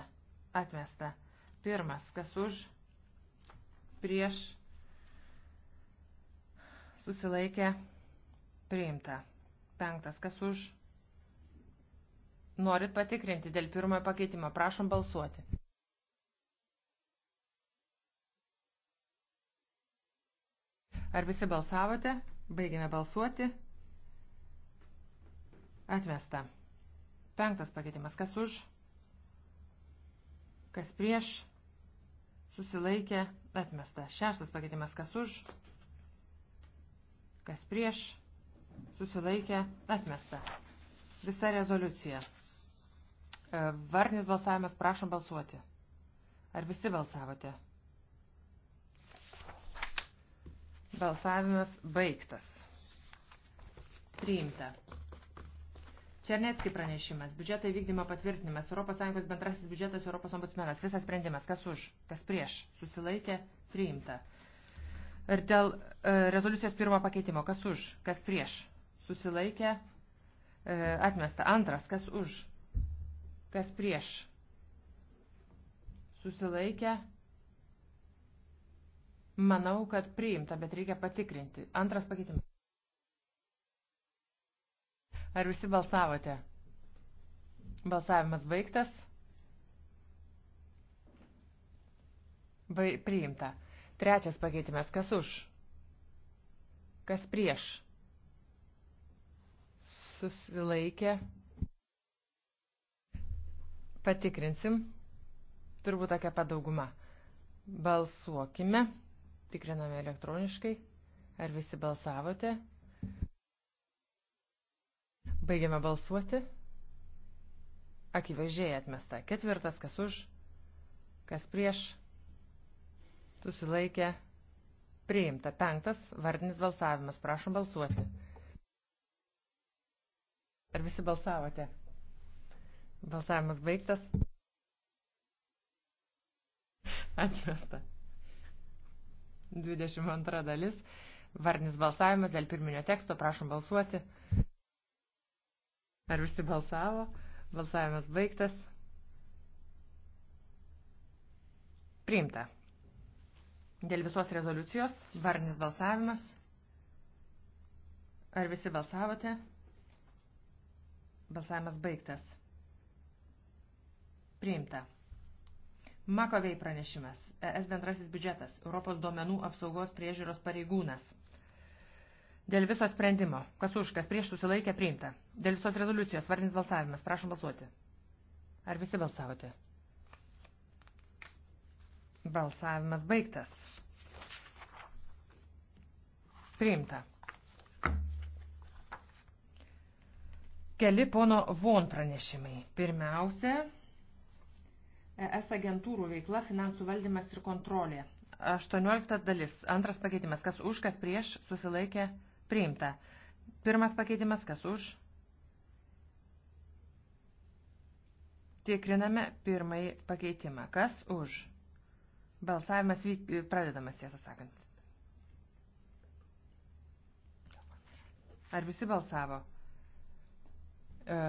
atmesta. Pirmas, kas už, prieš, susilaikė, priimta. Penktas, kas už, norit patikrinti dėl pirmojo pakeitimo, prašom balsuoti. Ar visi balsavote? Baigėme balsuoti. Atmesta. Penktas pakeitimas, kas už? kas prieš, susilaikė, atmesta. Šeštas pakeitimas, kas už, kas prieš, susilaikė, atmesta. Visa rezoliucija. E, varnis balsavimas, prašom balsuoti. Ar visi balsavote? Balsavimas baigtas. Priimta. Černetski pranešimas, biudžeto įvykdymo patvirtinimas, ES bendrasis biudžetas, Europos ombudsmenas, visas sprendimas, kas už, kas prieš, susilaikė, priimta. Ir dėl e, rezoliucijos pirmo pakeitimo, kas už, kas prieš, susilaikė, e, atmesta. Antras, kas už, kas prieš, susilaikė, manau, kad priimta, bet reikia patikrinti. Antras pakeitimas. Ar visi balsavote? Balsavimas baigtas. Ba priimta. Trečias pakeitimas. Kas už? Kas prieš? Susilaikė. Patikrinsim. Turbūt tokia padauguma. Balsuokime. Tikriname elektroniškai. Ar visi balsavote? Baigiame balsuoti. Akivaizdžiai atmesta. Ketvirtas, kas už, kas prieš, susilaikė, priimta. Penktas, vardinis balsavimas. Prašom balsuoti. Ar visi balsavote? Balsavimas baigtas. Atmesta. 22 dalis. Vardinis balsavimas dėl pirminio teksto. Prašom balsuoti. Ar visi balsavo? Balsavimas baigtas. Priimta. Dėl visos rezoliucijos varnis balsavimas. Ar visi balsavote? Balsavimas baigtas. Priimta. Makovei pranešimas. ES bendrasis biudžetas. Europos duomenų apsaugos priežiūros pareigūnas. Dėl viso sprendimo. Kas už, kas prieš susilaikė priimta. Dėl visos rezoliucijos vardinis balsavimas. Prašom balsuoti. Ar visi balsavote? Balsavimas baigtas. Priimta. Keli pono Von pranešimai. Pirmiausia, ES agentūrų veikla, finansų valdymas ir kontrolė. 18 dalis. Antras pakeitimas. Kas už, kas prieš susilaikė priimta Priimta. Pirmas pakeitimas, kas už? Tikriname pirmąjį pakeitimą. Kas už? Balsavimas vyk... pradedamas, tiesą sakant. Ar visi balsavo? E,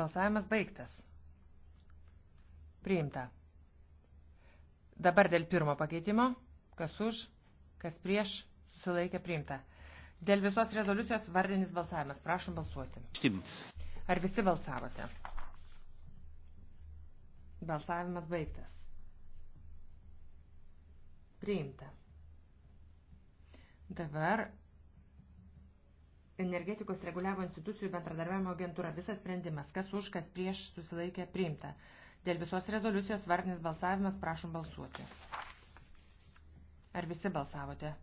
balsavimas baigtas. Priimta. Dabar dėl pirmo pakeitimo. Kas už, kas prieš, susilaikė priimta. Dėl visos rezoliucijos vardinis balsavimas. Prašom balsuoti. Štimt. Ar visi balsavote? Balsavimas baigtas. Priimta. Dabar energetikos reguliavo institucijų bendradarbiavimo agentūra. Visas sprendimas, kas už, kas prieš, susilaikė priimta. Dėl visos rezoliucijos vardinis balsavimas prašom balsuoti. Ar visi balsavote?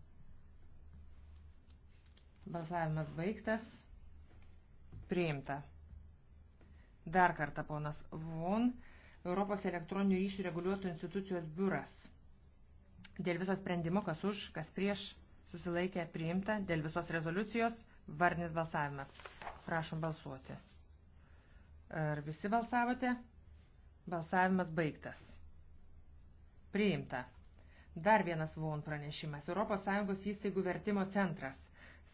Balsavimas baigtas. Priimta. Dar kartą ponas Von, Europos elektroninių ryšių reguliuotų institucijos biuras. Dėl viso sprendimo, kas už, kas prieš, susilaikė priimta. Dėl visos rezoliucijos, varnis balsavimas. Prašom balsuoti. Ar visi balsavote? Balsavimas baigtas. Priimta. Dar vienas VON pranešimas. ES įstaigų vertimo centras.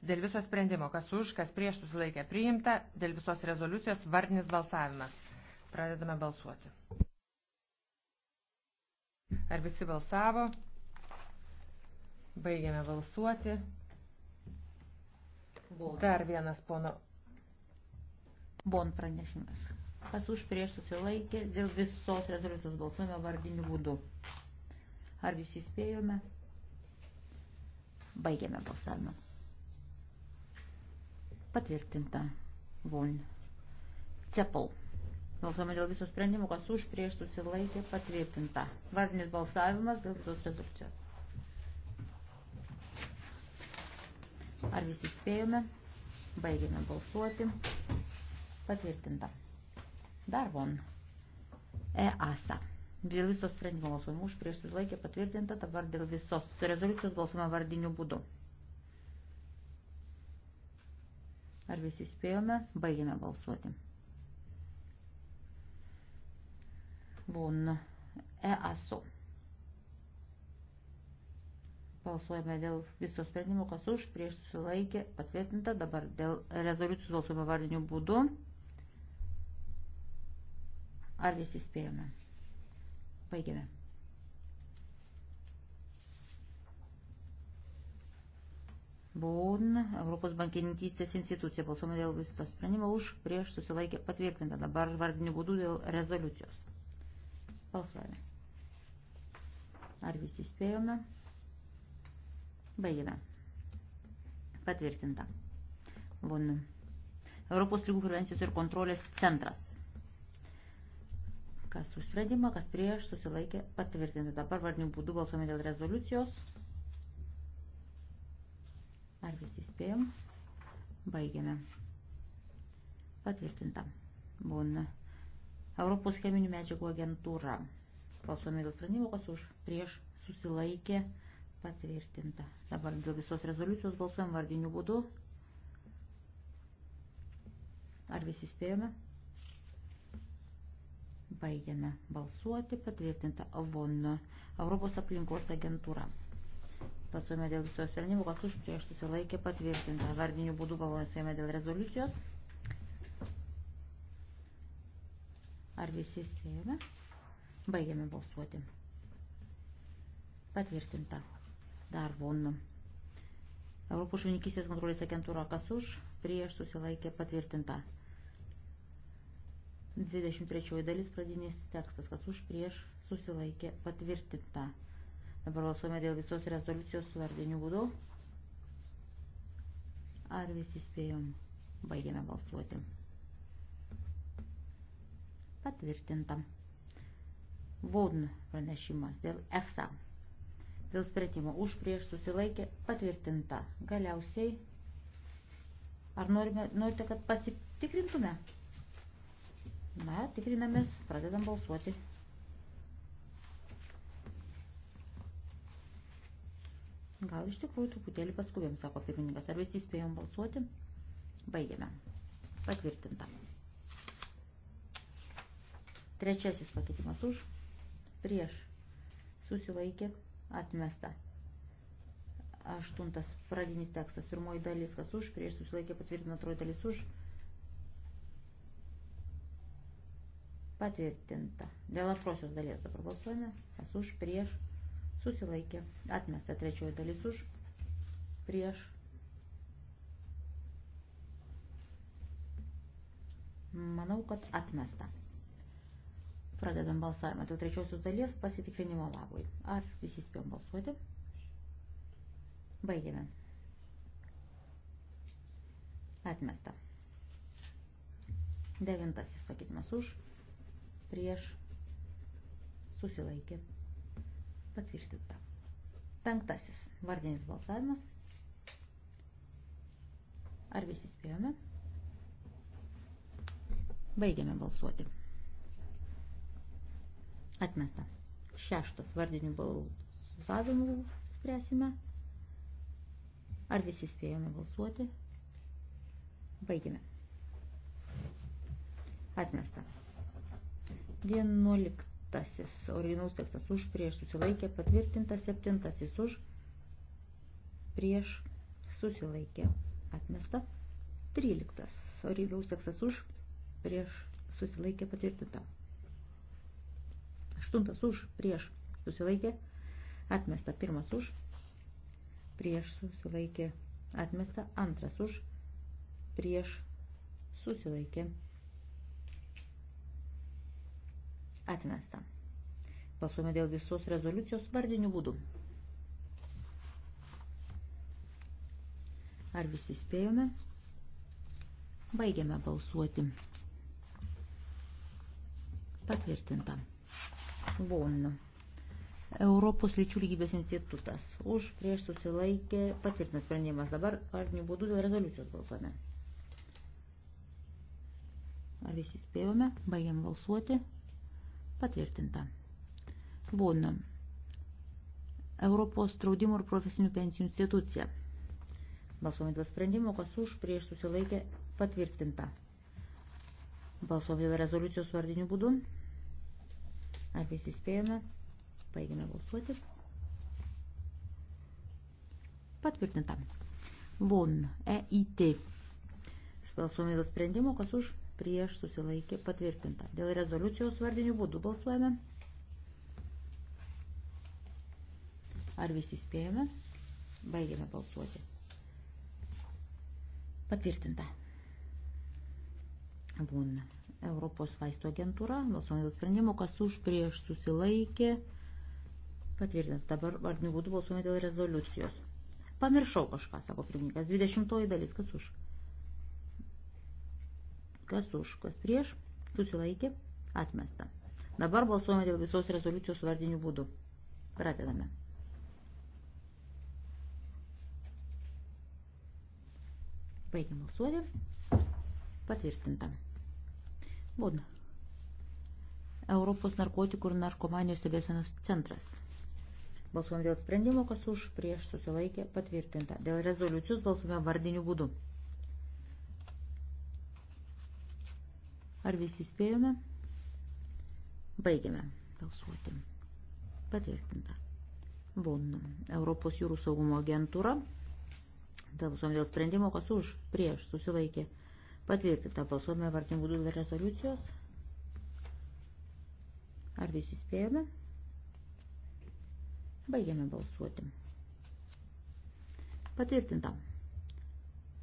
Dėl viso sprendimo, kas už, kas prieš susilaikė priimta, dėl visos rezoliucijos vardinis balsavimas. Pradedame balsuoti. Ar visi balsavo? Baigiame balsuoti. Dar vienas pono. Bon pranešimas. Kas už prieš susilaikė dėl visos rezoliucijos balsuojame vardiniu būdu. Ar visi spėjome? Baigiame balsavimą. Patvirtinta. Von. Cepal. Balsuojame dėl visų sprendimų, kas už prieš susilaikė patvirtinta. Vardinis balsavimas dėl visos rezoliucijos. Ar visi spėjome? Baigėme balsuoti. Patvirtinta. Dar von. EASA. Dėl visos sprendimo balsuojame už prieš susilaikė patvirtinta, dabar dėl visos rezoliucijos balsuojame vardiniu būdu. Ar visi spėjome? Baigėme balsuoti. Bun. EASO. Balsuojame dėl viso sprendimo, kas už, prieš susilaikė, patvirtinta, dabar dėl rezoliucijos balsuojame vardiniu būdu. Ar visi spėjome? Baigėme. Būn, Europos bankininkystės institucija, balsuomai dėl viso sprendimo už, prieš susilaikė patvirtinta, dabar vardinių būdų dėl rezoliucijos. Balsuojame. Ar visi spėjome? Baigime. Patvirtinta. Būn. Europos lygų prevencijos ir kontrolės centras. Kas už sprendimą, kas prieš, susilaikė patvirtinta. Dabar vardinių būdų balsuomai dėl rezoliucijos. Ar visi spėjom? Baigiame. Patvirtinta. Būna. Europos cheminių medžiagų agentūra. Balsuomė dėl sprendimo, kas už prieš susilaikė patvirtinta. Dabar dėl visos rezoliucijos balsuojam vardiniu būdu. Ar visi spėjome? Baigiame balsuoti, patvirtinta AVON, Europos aplinkos agentūra. Pasuojame dėl visos tarnybų, kas už prieš susilaikė patvirtinta. Vardinių būdų balsuojame dėl rezoliucijos. Ar visi spėjome? Baigiame balsuoti. Patvirtinta. Dar von. Europos žuvininkystės kontrolės agentūra kas už prieš susilaikė patvirtinta. 23 dalis pradinis tekstas kas už prieš susilaikė patvirtinta. Dabar balsuojame dėl visos rezoliucijos su vardiniu būdu. Ar visi spėjom? Baigėme balsuoti. Patvirtinta. Vaudn pranešimas dėl EFSA. Dėl sprendimo už prieš susilaikė patvirtinta. Galiausiai, ar norime, norite, kad pasitikrintume? Na, tikrinamės, pradedam balsuoti. Gal iš tikrųjų truputėlį paskubėm, sako pirmininkas. Ar visi spėjom balsuoti? Baigėme. Patvirtinta. Trečiasis pakeitimas už, prieš, susilaikė, atmesta. Aštuntas pradinis tekstas, pirmoji dalis, kas už, prieš, susilaikė, patvirtina, antroji dalis už, patvirtinta. Dėl antrosios dalies dabar balsuojame, kas už, prieš, susilaikė susilaikė, atmesta trečioji dalis už, prieš, manau, kad atmesta. Pradedam balsavimą dėl trečiosios dalies pasitikrinimo labui. Ar visi spėjom balsuoti? Baigėme. Atmesta. Devintasis pakeitimas už, prieš, susilaikė, Patvirtinta. Penktasis vardinis balsavimas. Ar visi spėjome? Baigiame balsuoti. Atmesta. Šeštas vardinių balsavimų spręsime. Ar visi spėjome balsuoti? Baigiame. Atmesta. 11 penktasis originalus tekstas už prieš susilaikė patvirtintas septintasis už prieš susilaikė atmesta tryliktas originalus tekstas už prieš susilaikė patvirtinta aštuntas už prieš susilaikė atmesta pirmas už prieš susilaikė atmesta antras už prieš susilaikė atmesta Atmesta. Balsuojame dėl visos rezoliucijos vardinių būdų. Ar visi spėjome? Baigiame balsuoti. Patvirtinta. Bon. Europos lyčių lygybės institutas. Už prieš susilaikė patvirtinas sprendimas. Dabar vardinių būdų dėl rezoliucijos balsuojame. Ar visi spėjome? Baigiam balsuoti. Patvirtinta. Bon. Europos draudimo ir profesinių pensijų institucija. Balsuomė dėl sprendimo, kas už prieš susilaikė patvirtinta. Balsuomė dėl rezoliucijos vardinių būdų. Ar visi spėjome? Baigime balsuoti. Patvirtinta. Bon. EIT. Balsuomė dėl sprendimo, kas už prieš susilaikė patvirtinta. Dėl rezoliucijos vardinių būdų balsuojame. Ar visi spėjome? Baigėme balsuoti. Patvirtinta. Būn. Europos vaisto agentūra. Balsuojame dėl sprendimo, kas už prieš susilaikė. Patvirtinta. Dabar vardinių būdų balsuojame dėl rezoliucijos. Pamiršau kažką, sako pirmininkas. 20 dalis, kas už kas už, kas prieš, susilaikė, atmesta. Dabar balsuojame dėl visos rezoliucijos vardinių būdų. Pradedame. Baigiam balsuoti. Patvirtinta. Būdna. Europos narkotikų ir narkomanijos stebėsenos centras. Balsuom dėl sprendimo, kas už prieš susilaikė patvirtinta. Dėl rezoliucijos balsuome vardiniu būdu. Ar visi spėjome? Baigiame balsuoti. Patvirtinta. Vonu. Europos jūrų saugumo agentūra. Balsuom dėl sprendimo, kas už, prieš, susilaikė. Patvirtinta. Balsuome vartinių būdų dėl rezoliucijos. Ar visi spėjome? Baigiame balsuoti. Patvirtinta.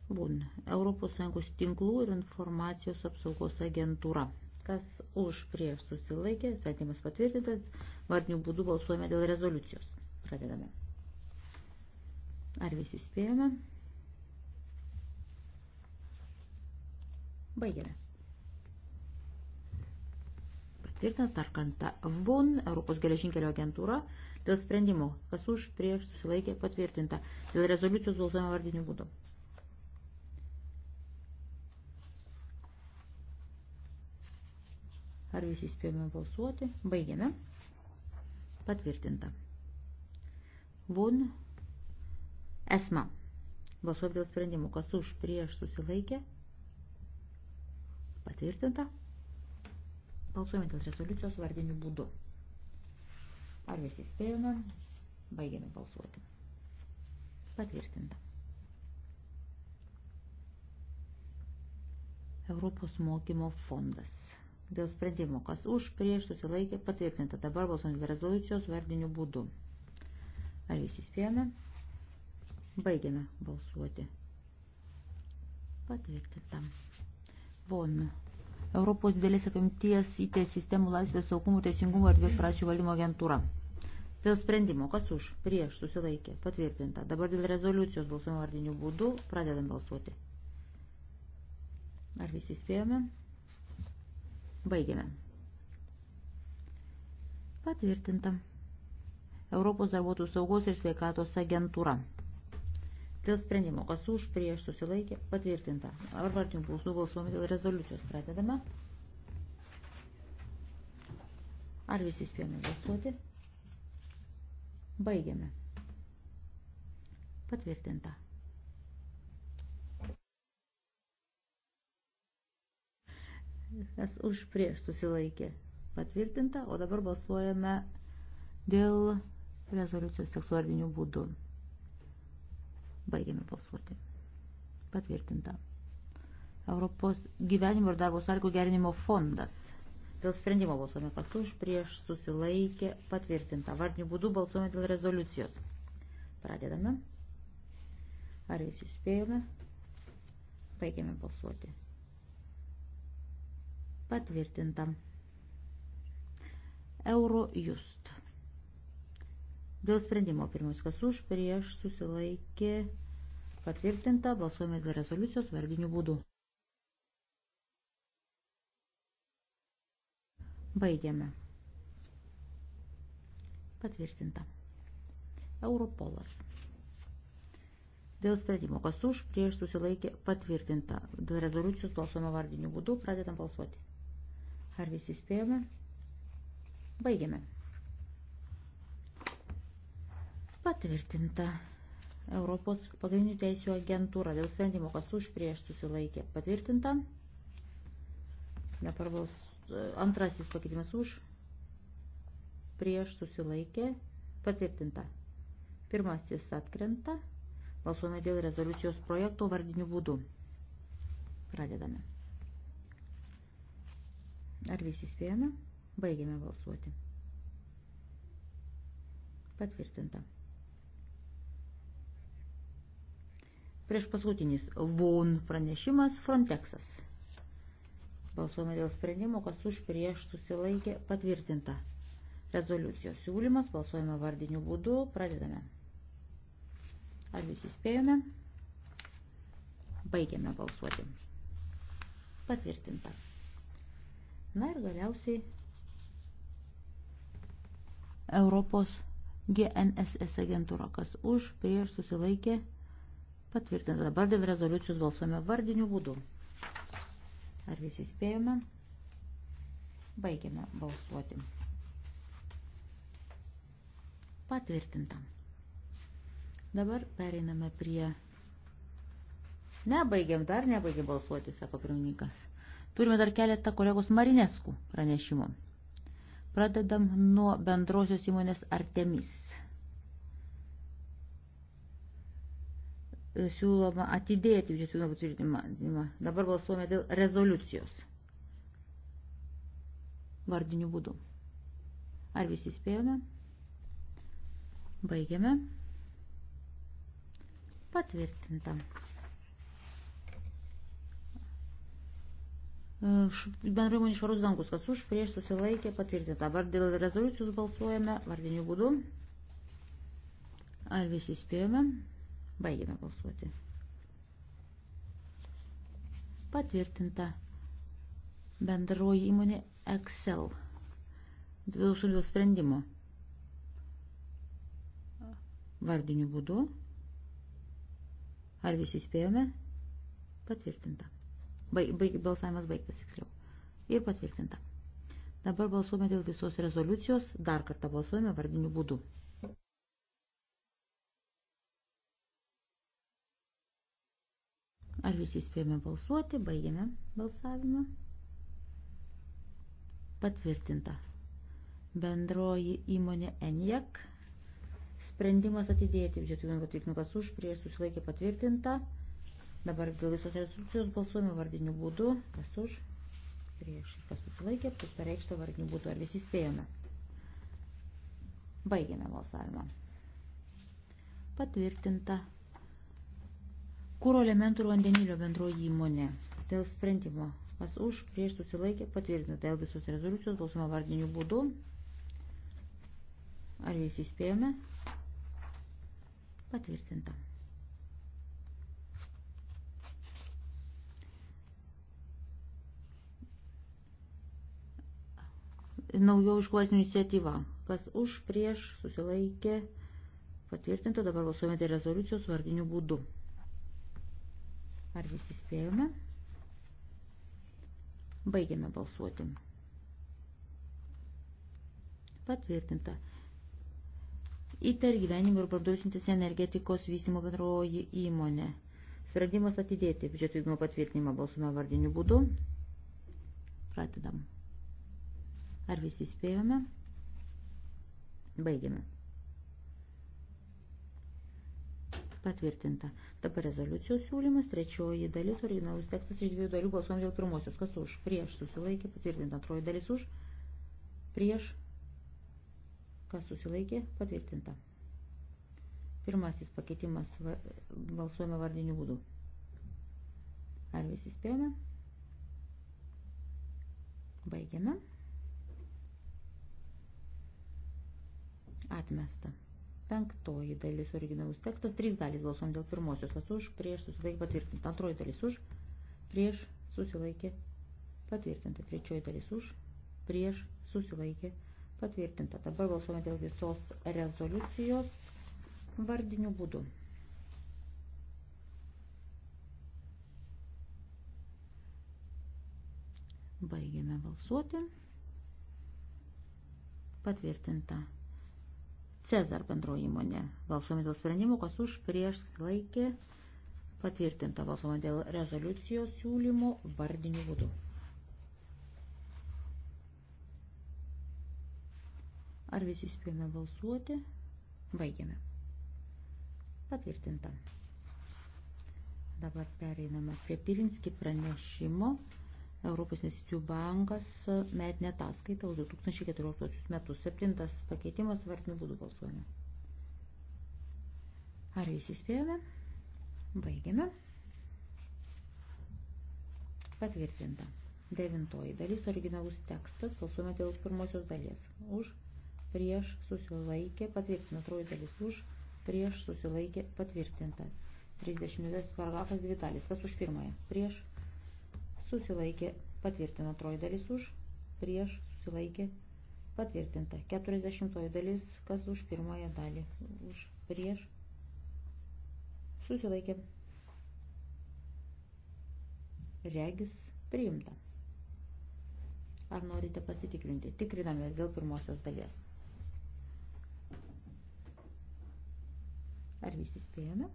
Bun. ES tinklų ir informacijos apsaugos agentūra. Kas už prieš susilaikė, svetimas patvirtintas, vardinių būdų balsuojame dėl rezoliucijos. Pradedame. Ar visi spėjome? Baigėme. Patvirtina tarkanta VUN, Europos geležinkelio agentūra, dėl sprendimo, kas už prieš susilaikė patvirtinta, dėl rezoliucijos balsuojame vardinių būdų. Ar visi spėjome balsuoti? Baigiame. Patvirtinta. Vun esma. Balsuojam dėl sprendimų. Kas už prieš susilaikė? Patvirtinta. Balsuojame dėl rezoliucijos vardinių būdų. Ar visi spėjome? Baigiame balsuoti. Patvirtinta. Europos mokymo fondas dėl sprendimo, kas už, prieš, susilaikė, patvirtinta. Dabar balsuojant dėl rezoliucijos vardiniu būdu. Ar visi spėjome? Baigiame balsuoti. Patvirtinta. Von. Europos didelės apimties IT sistemų laisvės saugumų teisingumo ir dvipračių valymo agentūra. Dėl sprendimo, kas už, prieš, susilaikė, patvirtinta. Dabar dėl rezoliucijos balsuojimo vardinių būdų pradedam balsuoti. Ar visi spėjome? Baigėme. Patvirtinta. Europos darbuotojų saugos ir sveikatos agentūra. Dėl sprendimo, kas už, prieš, susilaikė, patvirtinta. Ar vartinių pulsų balsuomi dėl rezoliucijos. Pradedame. Ar visi spėjome balsuoti? Baigiame. Patvirtinta. kas už prieš susilaikė patvirtinta, o dabar balsuojame dėl rezoliucijos seksualinių būdų. Baigėme balsuoti. Patvirtinta. Europos gyvenimo ir darbo sąlygų gerinimo fondas. Dėl sprendimo balsuojame kas už prieš susilaikė patvirtinta. Vardinių būdų balsuojame dėl rezoliucijos. Pradedame. Ar visi spėjome? Baigėme balsuoti. Patvirtinta. Eurojust. Dėl sprendimo pirmiausia, kas už, prieš, susilaikė, patvirtinta, balsuojame dėl rezoliucijos vardinių būdų. Baigiame. Patvirtinta. Europolas. Dėl sprendimo, kas už, prieš susilaikė patvirtinta. Dėl rezoliucijos balsuojame vardiniu būdu, pradedam balsuoti. Ar visi spėjome? Baigiame. Patvirtinta Europos pagrindinių teisų agentūra dėl sprendimo, kas už prieš susilaikė. Patvirtinta. Neparvaus e, antrasis pakeitimas už prieš susilaikė. Patvirtinta. Pirmasis atkrenta. Balsuome dėl rezoliucijos projekto vardinių būdų. Pradedame. Ar visi spėjome? Baigiame balsuoti. Patvirtinta. Prieš paskutinis VUN pranešimas Frontexas. Balsuojame dėl sprendimo, kas už prieš susilaikė patvirtinta. Rezoliucijos siūlymas, balsuojame vardiniu būdu, pradedame. Ar visi spėjome? Baigiame balsuoti. Patvirtinta. Na ir galiausiai Europos GNSS agentūra, kas už, prieš susilaikė patvirtinta. Dabar dėl rezoliucijos balsuome vardiniu būdu. Ar visi spėjome? Baigiame balsuoti. Patvirtinta. Dabar pereiname prie... Nebaigiam, dar nebaigiam balsuoti, sako pirmininkas. Turime dar keletą kolegos Marineskų pranešimų. Pradedam nuo bendrosios įmonės Artemis. Siūloma atidėti biudžeto patvirtinimą. Dabar balsuojame dėl rezoliucijos. Vardiniu būdu. Ar visi spėjome? Baigiame. Patvirtinta. bendrai monių švarus dangus, kas už, prieš susilaikė patvirtinta. Dabar dėl rezoliucijos balsuojame vardiniu būdu. Ar visi spėjome? Baigėme balsuoti. Patvirtinta bendroji įmonė Excel. Dviejų dėl sprendimo. Vardiniu būdu. Ar visi spėjome? Patvirtinta. Baig, baig, balsavimas baigtas, tiksliau. Ir patvirtinta. Dabar balsuojame dėl visos rezoliucijos, dar kartą balsuojame vardiniu būdu. Ar visi spėjome balsuoti, baigėme balsavimą. Patvirtinta. Bendroji įmonė ENIAC. Sprendimas atidėti biudžetų vieningo tvirtinimas už prieš susilaikė patvirtinta. Dabar dėl visos rezoliucijos balsuojame vardiniu būdu. Kas už? Prieš. Kas susilaikė? Bus pareikšta vardiniu būdu. Ar visi spėjome? Baigiame balsavimą. Patvirtinta. Kūro elementų ir vandenilio bendroji įmonė. Dėl sprendimo. Kas už? Prieš susilaikė? Patvirtinta. Dėl visos rezoliucijos balsuojame vardiniu būdu. Ar visi spėjome? Patvirtinta. naujo užkuosnių iniciatyva. Kas už, prieš, susilaikė, patvirtinta, dabar balsuojame dėl rezoliucijos vardinių būdų. Ar visi spėjome? Baigiame balsuoti. Patvirtinta. ITER gyvenimo ir parduosintis energetikos vystimo bendroji įmonė. Sprendimas atidėti biudžeto įgymo patvirtinimą balsume vardiniu būdu. Pratidam. Ar visi spėjome? Baigiame. Patvirtinta. Dabar rezoliucijos siūlymas, trečioji dalis, originalus tekstas iš dviejų dalių, balsuom dėl pirmosios. Kas už? Prieš susilaikė, patvirtinta. Antroji dalis už, prieš, kas susilaikė, patvirtinta. Pirmasis pakeitimas balsuojame vardiniu būdu. Ar visi spėjome? Baigiame. Baigiame. Atmesta. Penktoji dalis originalus tekstas. Trys dalis balsuom dėl pirmosios. Kas už, prieš, susilaikė, patvirtinta. Antroji dalis už, prieš, susilaikė, patvirtinta. Trečioji dalis už, prieš, susilaikė, patvirtinta. Dabar balsuojame dėl visos rezoliucijos vardinių būdų. Baigiame balsuoti. Patvirtinta. Cezar bendro įmonė. Balsuojame dėl sprendimų, kas už prieš susilaikė patvirtinta. Balsuojame dėl rezoliucijos siūlymų vardinių būdų. Ar visi spėjome balsuoti? Baigiame. Patvirtinta. Dabar pereiname prie Pirinski pranešimo. Europos investicijų bankas metinė ataskaita už 2014 metus. Septintas pakeitimas vartinių būdų balsuojame. Ar visi spėjome? Baigiame. Patvirtinta. Devintoji dalis originalus tekstas. Balsuojame dėl pirmosios dalies. Už, prieš, susilaikė, patvirtina. Troji dalis už, prieš, susilaikė, patvirtinta. 30 paragrafas dvi dalis. Kas už pirmąją? Prieš, susilaikė patvirtina antroji dalis už, prieš susilaikė patvirtinta. 40 dalis, kas už pirmąją dalį, už, prieš susilaikė regis priimta. Ar norite pasitikrinti? Tikrinamės dėl pirmosios dalies. Ar visi spėjome?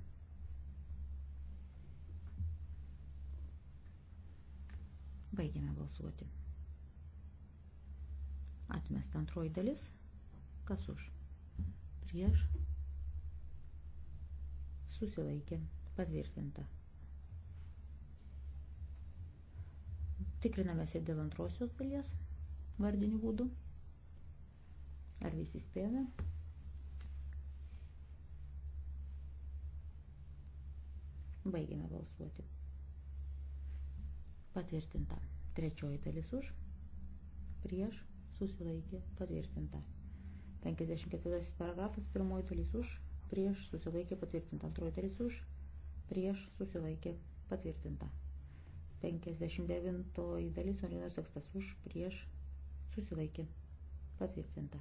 Baigiame balsuoti. Atmesta antroji dalis. Kas už? Prieš. Susilaikė. Patvirtinta. Tikrinamės ir dėl antrosios dalies vardinių būdų. Ar visi spėjome? Baigiame balsuoti patvirtinta. Trečioji dalis už, prieš, susilaikė, patvirtinta. 54 paragrafas, pirmoji dalis už, prieš, susilaikė, patvirtinta. Antroji dalis už, prieš, susilaikė, patvirtinta. 59 dalis, originalus tekstas už, prieš, susilaikė, patvirtinta.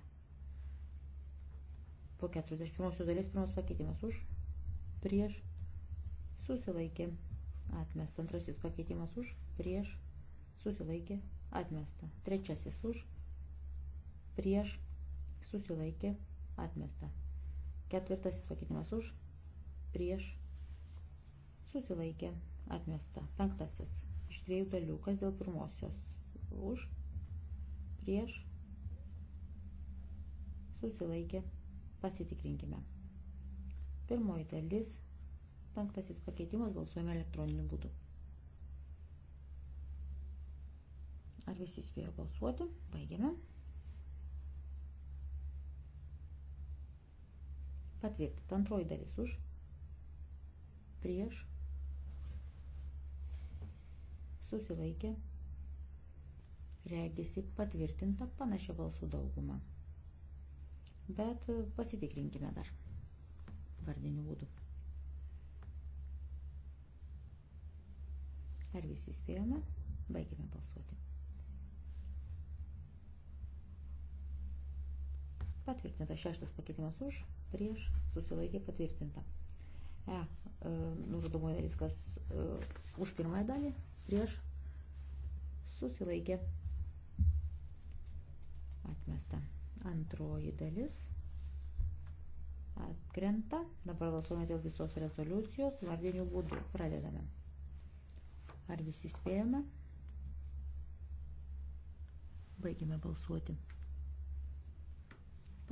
Po 41 dalis, pirmas pakeitimas už, prieš, susilaikė, atmest. Antrasis pakeitimas už, prieš, prieš, susilaikė, atmesta. Trečiasis už, prieš, susilaikė, atmesta. Ketvirtasis pakeitimas už, prieš, susilaikė, atmesta. Penktasis iš dviejų dalių, kas dėl pirmosios, už, prieš, susilaikė, pasitikrinkime. Pirmoji dalis, penktasis pakeitimas balsuojame elektroniniu būdu. Ar visi spėjo balsuoti? Baigiame. Patvirtinta antroji dalis už. Prieš. Susilaikė. Regisi patvirtinta panašia balsų dauguma. Bet pasitikrinkime dar vardiniu būdu. Ar visi spėjome? Baigime balsuoti. Patvirtinta. Šeštas pakeitimas už, prieš, susilaikė patvirtinta. E, e nurodomoji dalis, kas e, už pirmąją dalį, prieš, susilaikė atmesta. Antroji dalis atkrenta. Dabar balsuojame dėl visos rezoliucijos vardinių būdų. Pradedame. Ar visi spėjome? Baigime balsuoti.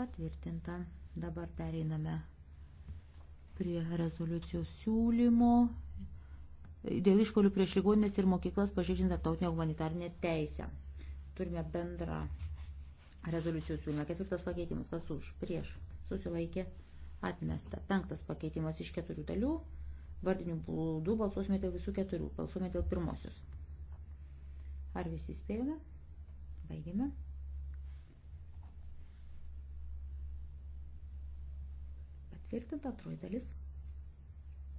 Patvirtinta. Dabar pereiname prie rezoliucijos siūlymo dėl išpolių prieš ligoninės ir mokyklas pažeidžiant tarptautinę humanitarinę teisę. Turime bendrą rezoliucijų siūlymą. Ketvirtas pakeitimas. Kas už? Prieš. Susilaikė. Atmesta. Penktas pakeitimas iš keturių dalių. Vardinių būdų balsuosime dėl visų keturių. Balsuosime dėl pirmosios. Ar visi spėjome? Baigėme. Patvirtinta antroji dalis.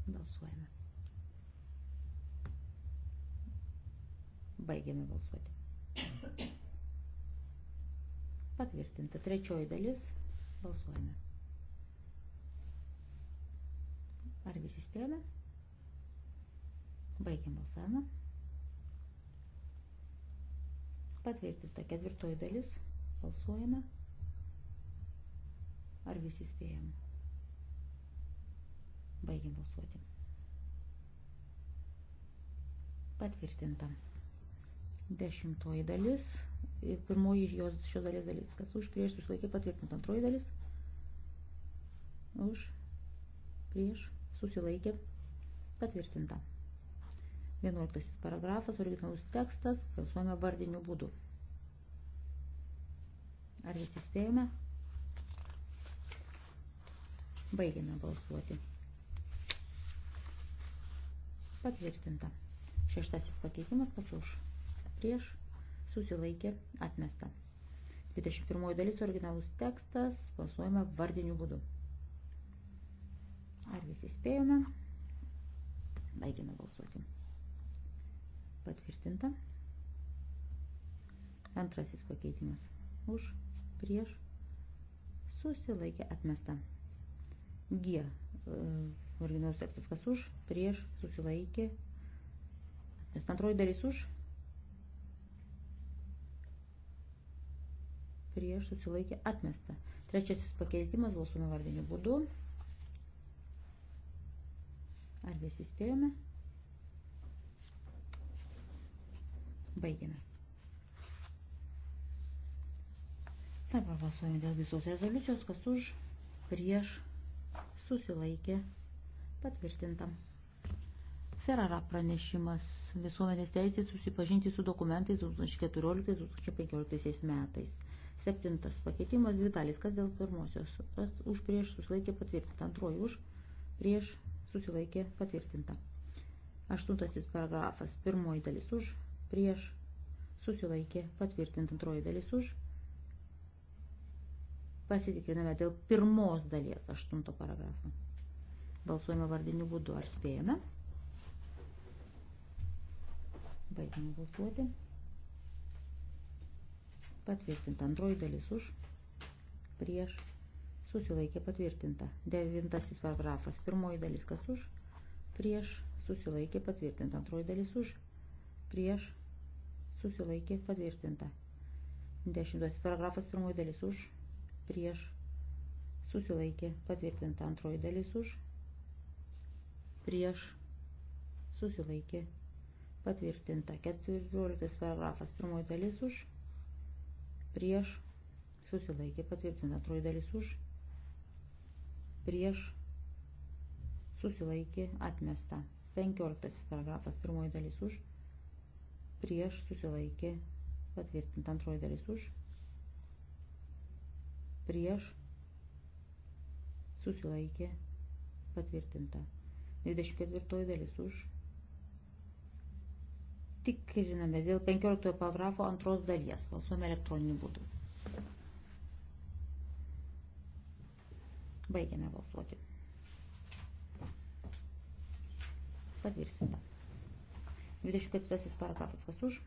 Balsuojame. Baigiame balsuoti. Patvirtinta trečioji dalis. Balsuojame. Ar visi spėjome? Baigiam balsavimą. Patvirtinta ketvirtoji dalis. Balsuojame. Ar visi spėjome? Baigiam balsuoti. Patvirtinta. Dešimtoji dalis. Pirmoji jos šios dalies dalis. Kas už prieš susilaikė patvirtinta. Antroji dalis. Už prieš susilaikė patvirtinta. Vienuoliktasis paragrafas, originalus tekstas, balsuojame vardiniu būdu. Ar visi spėjome? Baigiame balsuoti. Patvirtinta. Šeštasis pakeitimas, kas už. Prieš susilaikė atmesta. 21 dalis originalus tekstas, balsuojame vardiniu būdu. Ar visi spėjome? Baigėme balsuoti. Patvirtinta. Antrasis pakeitimas. Už, prieš, susilaikė atmesta. G e, Originalus tekstas kas už, prieš, susilaikė. Nes antroji dalis už. Prieš, susilaikė, atmesta. Trečiasis pakeitimas balsuome vardiniu būdu. Ar visi spėjome? Baigiame. Dabar balsuojame dėl visos rezoliucijos, kas už, prieš, susilaikė, atmesta Patvirtinta. Ferrara pranešimas visuomenės teisės susipažinti su dokumentais 2014-2015 metais. Septintas pakeitimas dvi dalys, kas dėl pirmosios. Kas už prieš susilaikė patvirtinta. Antroji už prieš susilaikė patvirtinta. Aštuntasis paragrafas. Pirmoji dalis už prieš susilaikė patvirtinta. Antroji dalis už. Pasitikriname dėl pirmos dalies aštunto paragrafo. Balsuojame vardiniu būdu. Ar spėjame? Baigime balsuoti. Patvirtinta antroji dalis už, prieš, susilaikė patvirtinta. Devintasis paragrafas, pirmoji dalis kas už, prieš, susilaikė patvirtinta. Antroji dalis už, prieš, susilaikė patvirtinta. Dešimtasis paragrafas, pirmoji dalis už, prieš, susilaikė patvirtinta. Antroji dalis už, prieš prieš susilaikė patvirtinta. 14 paragrafas, pirmoji dalis už, prieš susilaikė patvirtinta, antroji dalis už, prieš susilaikė atmesta. 15 paragrafas, pirmoji dalis už, prieš susilaikė patvirtinta, antroji dalis už, prieš susilaikė patvirtinta. 24 dalis už. Tikrinamės dėl 15 paragrafo antros dalies. Balsuojame elektroniniu būdu. Baigiame balsuoti. Patvirtinta. 24 paragrafas kas už,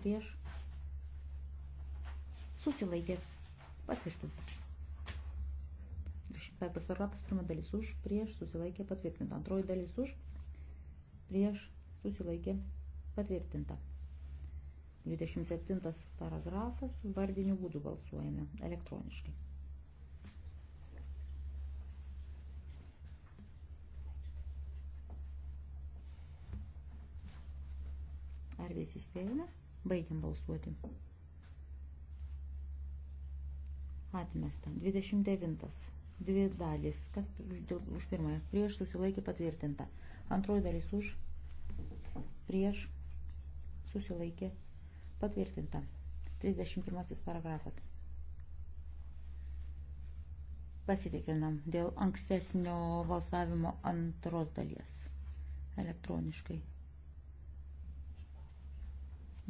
prieš, susilaikė, patvirtinta. 25 paragrafas, pirma dalis už, prieš, susilaikė, patvirtinta. Antroji dalis už, prieš, susilaikė, patvirtinta. 27 paragrafas, vardiniu būdu balsuojame elektroniškai. Ar visi spėjome? Baigiam balsuoti. Atmesta. 29 Dvi dalys. Kas dėl, už pirmąją? Prieš susilaikė patvirtinta. Antroji dalis už. Prieš susilaikė patvirtinta. 31 paragrafas. Pasitikrinam dėl ankstesnio balsavimo antros dalies elektroniškai.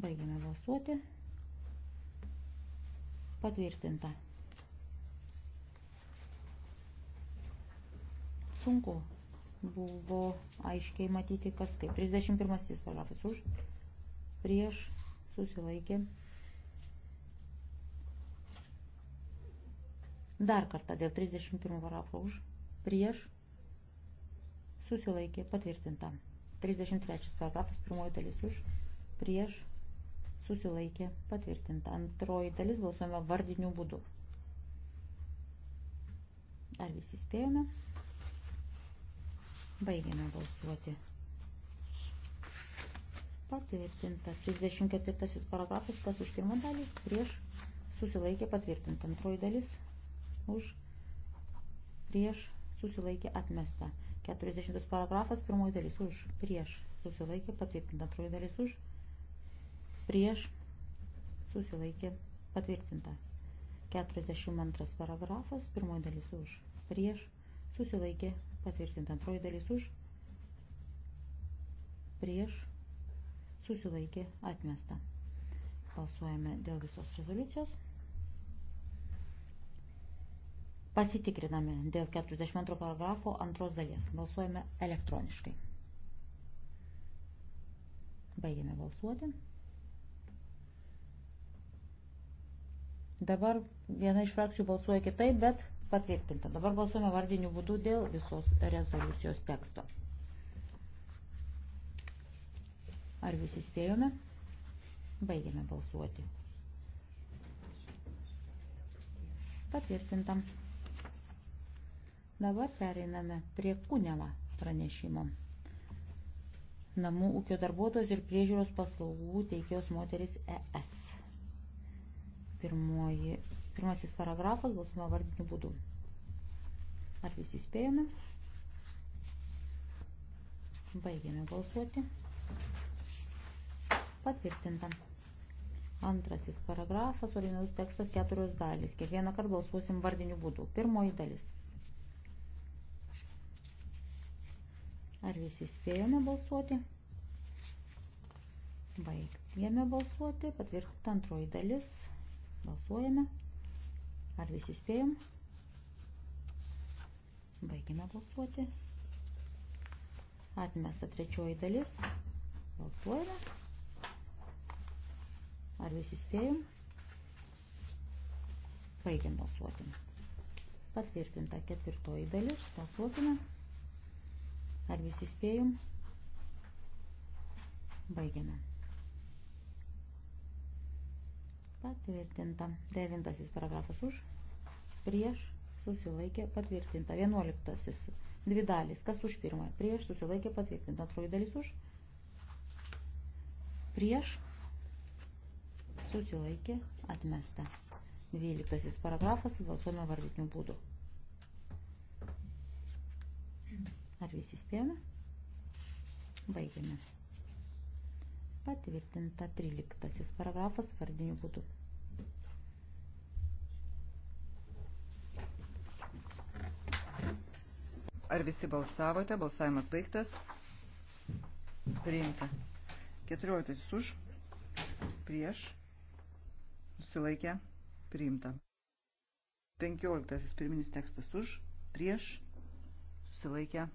Baigiame balsuoti. Patvirtinta. sunku buvo aiškiai matyti, kas kaip. 31 paragrafas už, prieš, susilaikė. Dar kartą dėl 31 paragrafo už, prieš, susilaikė, patvirtinta. 33 paragrafas, pirmoji dalis už, prieš, susilaikė, patvirtinta. Antroji dalis balsuojame vardinių būdų. Ar visi spėjome? Baigėme balsuoti. Patvirtinta. 34 paragrafas, kas už pirmą dalį, prieš susilaikė patvirtinta. Antroji dalis už prieš susilaikė atmesta. 40 paragrafas, pirmoji dalis už prieš susilaikė patvirtinta. Antroji dalis už prieš susilaikė patvirtinta. 42 paragrafas, pirmoji dalis už prieš susilaikė patvirtinta antroji dalis už, prieš, susilaikė, atmesta. Balsuojame dėl visos rezoliucijos. Pasitikriname dėl 42 paragrafo antros dalies. Balsuojame elektroniškai. Baigėme balsuoti. Dabar viena iš frakcijų balsuoja kitaip, bet Patvirtinta. Dabar balsuojame vardiniu būdu dėl visos rezoliucijos teksto. Ar visi spėjome? Baigėme balsuoti. Patvirtinta. Dabar pereiname prie Kunela pranešimo. Namų ūkio darbuotojus ir priežiūros paslaugų teikėjos moteris ES. Pirmoji Pirmasis paragrafas balsuojama vardiniu būdu. Ar visi spėjome? Baigėme balsuoti. Patvirtinta. Antrasis paragrafas, originalus tekstas keturios dalys. Kiekvieną kartą balsuosim vardiniu būdu. Pirmoji dalis. Ar visi spėjome balsuoti? Baigėme balsuoti. Patvirtinta antroji dalis. Balsuojame. Ar visi spėjom? Baigime balsuoti. Atmesta trečioji dalis. Balsuojame. Ar visi spėjom? Baigiam balsuoti. Patvirtinta ketvirtoji dalis. Balsuokime. Ar visi spėjom? Baigiame. patvirtinta. Devintasis paragrafas už, prieš, susilaikė, patvirtinta. Vienuoliktasis, dvi dalis, kas už pirmąją, prieš, susilaikė, patvirtinta. Antroji dalis už, prieš, susilaikė, atmesta. Dvyliktasis paragrafas, balsuojame vardinių būdų. Ar visi spėjome? Baigiame patvirtinta 13 paragrafas vardiniu būdu. Ar visi balsavote? Balsavimas baigtas. Priimta. 14 už. Prieš. Susilaikę. Priimta. 15 pirminis tekstas už. Prieš. Susilaikę.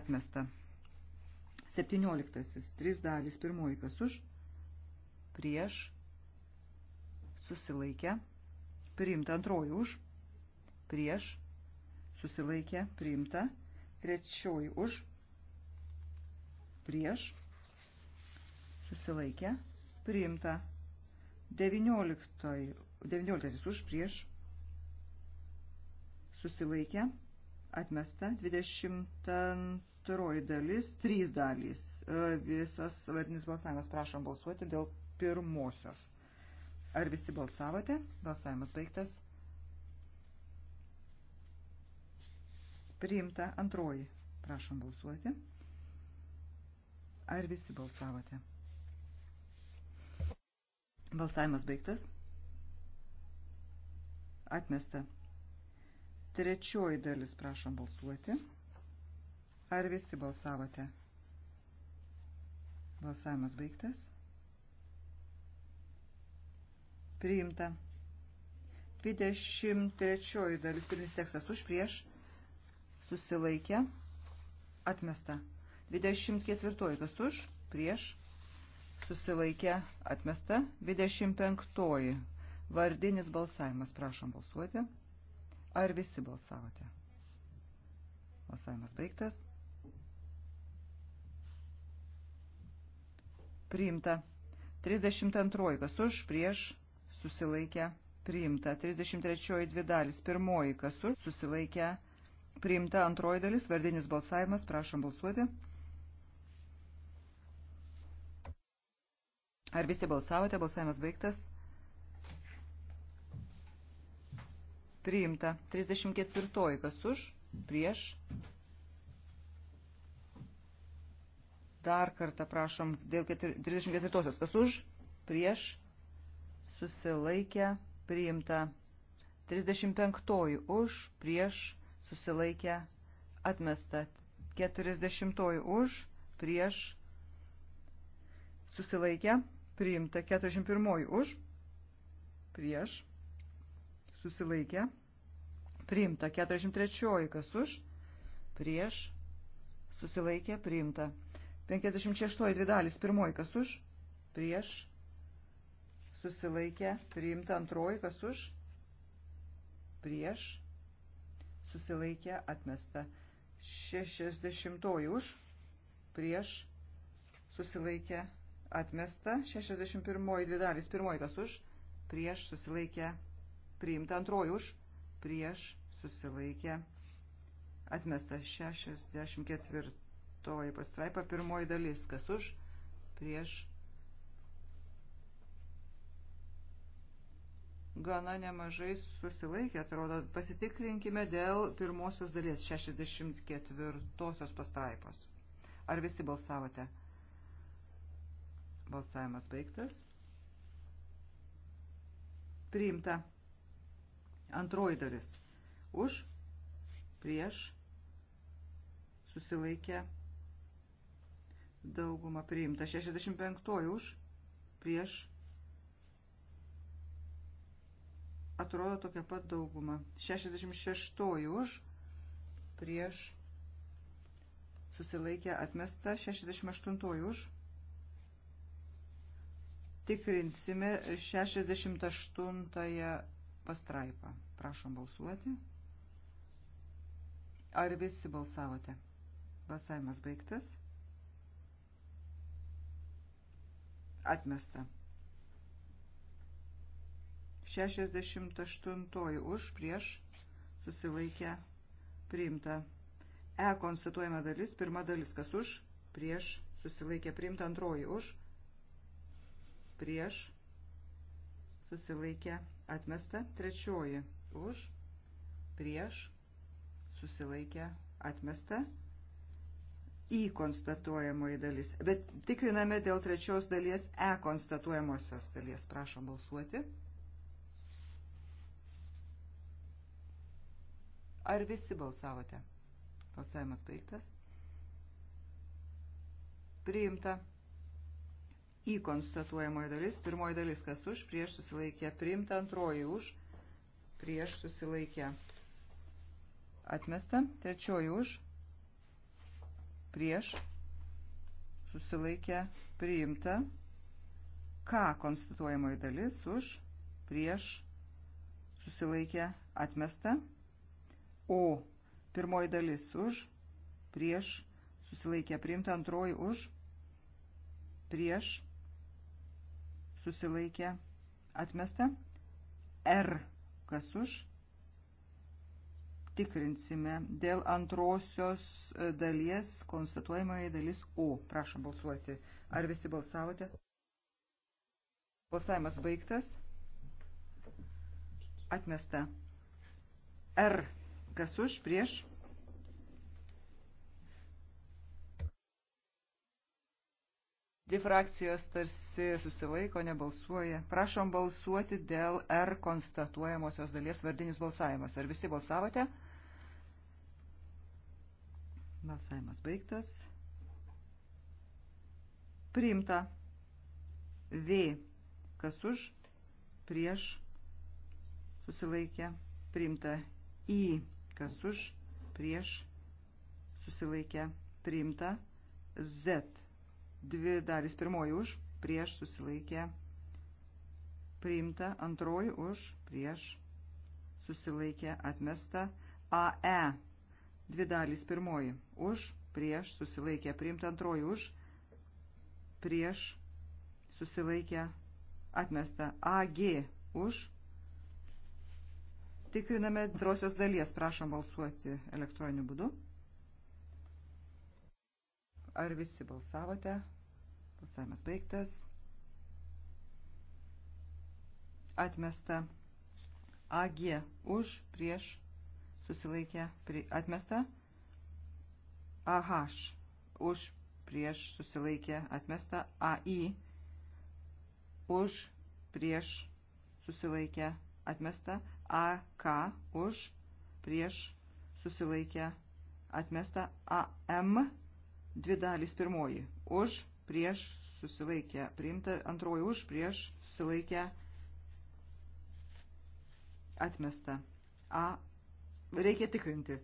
Atmesta. 17. 3 dalys. Pirmoji kas už. Prieš. Susilaikę. Priimta. Antroji už. Prieš. Susilaikę. Priimta. Trečioji už, prieš, susilaikę, priimta. 19, 19 už, prieš, susilaikę, atmesta. 22 dalis, 3 dalys. E, Visas vardinis balsavimas prašom balsuoti dėl pirmosios. Ar visi balsavote? Balsavimas baigtas. Priimta antroji. Prašom balsuoti. Ar visi balsavote? Balsavimas baigtas. Atmesta. Trečioji dalis prašom balsuoti. Ar visi balsavote? Balsavimas baigtas. Priimta. 23 dalis pirminis tekstas už prieš susilaikė, atmesta. 24 kas už, prieš, susilaikė, atmesta. 25 vardinis balsavimas, prašom balsuoti. Ar visi balsavote? Balsavimas baigtas. Priimta. 32 kas už, prieš, susilaikė, priimta. 33 dvi dalis, pirmoji kas už, susilaikė, atmesta Priimta antroji dalis, vardinis balsavimas, prašom balsuoti. Ar visi balsavote, balsavimas baigtas? Priimta. 34. Kas už? Prieš. Dar kartą prašom dėl 34. Kas už? Prieš. Susilaikę. Priimta. 35. Už. Prieš susilaikę atmesta. 40 už, prieš susilaikę priimta. 41 už, prieš susilaikę priimta. 43 kas už, prieš susilaikė priimta. 56 dvi dalis, pirmoji kas už, prieš, susilaikė, priimta antroji kas už, prieš, susilaikė atmesta. 60 už, prieš, susilaikė atmesta. 61 dvi dalis, pirmoji kas už, prieš, susilaikė priimta. Antroji už, prieš, susilaikė atmesta. 64 pastraipa, pirmoji dalis kas už, prieš, gana nemažai susilaikė, atrodo. Pasitikrinkime dėl pirmosios dalies 64 pastraipos. Ar visi balsavote? Balsavimas baigtas. Priimta. Antroji dalis. Už, prieš, susilaikė, dauguma priimta. 65 už, prieš, susilaikė atrodo tokia pat dauguma. 66 už, prieš, susilaikė atmesta, 68 už. Tikrinsime 68 pastraipą. Prašom balsuoti. Ar visi balsavote? Balsavimas baigtas. Atmesta. 68 už prieš susilaikę priimta. E konstatuojama dalis, pirma dalis kas už, prieš susilaikę priimta, antroji už, prieš susilaikę atmesta, trečioji už, prieš susilaikę atmesta. Į konstatuojamoji dalis. Bet tikriname dėl trečios dalies E konstatuojamosios dalies. Prašom balsuoti. Ar visi balsavote? Balsavimas baigtas. Priimta. Į konstatuojamoji dalis. Pirmoji dalis, kas už, prieš susilaikė. Priimta antroji už, prieš susilaikė. Atmesta. Trečioji už, prieš susilaikė. Priimta. Ką konstatuojamoji dalis už, prieš susilaikė. Atmesta. Atmesta O pirmoji dalis už, prieš, susilaikė priimta, antroji už, prieš, susilaikė atmesta, R kas už, tikrinsime dėl antrosios e, dalies konstatuojamoje dalis O. Prašom balsuoti. Ar visi balsavote? Balsavimas baigtas. Atmesta. R Kas už, prieš? Dvi frakcijos tarsi susilaiko, nebalsuoja. Prašom balsuoti dėl R konstatuojamosios dalies vardinis balsavimas. Ar visi balsavote? Balsavimas baigtas. Priimta. V. Kas už? Prieš. Susilaikė. Priimta. I kas už, prieš, susilaikę, priimta. Z. Dvi dalis pirmoji už, prieš, susilaikę, priimta. Antroji už, prieš, susilaikę, atmesta. AE. Dvi dalis pirmoji už, prieš, susilaikę, priimta. Antroji už, prieš, susilaikę, atmesta. AG už, prieš Tikriname antrosios dalies. Prašom balsuoti elektroniniu būdu. Ar visi balsavote? Balsavimas baigtas. Atmesta. AG už, prieš, susilaikę, pri, atmesta. AH už, prieš, susilaikę, atmesta. AI už, prieš, susilaikę, atmesta. AK už prieš susilaikę atmesta AM dvi dalys pirmoji už prieš susilaikę priimta antroji už prieš susilaikę atmesta A reikia tikrinti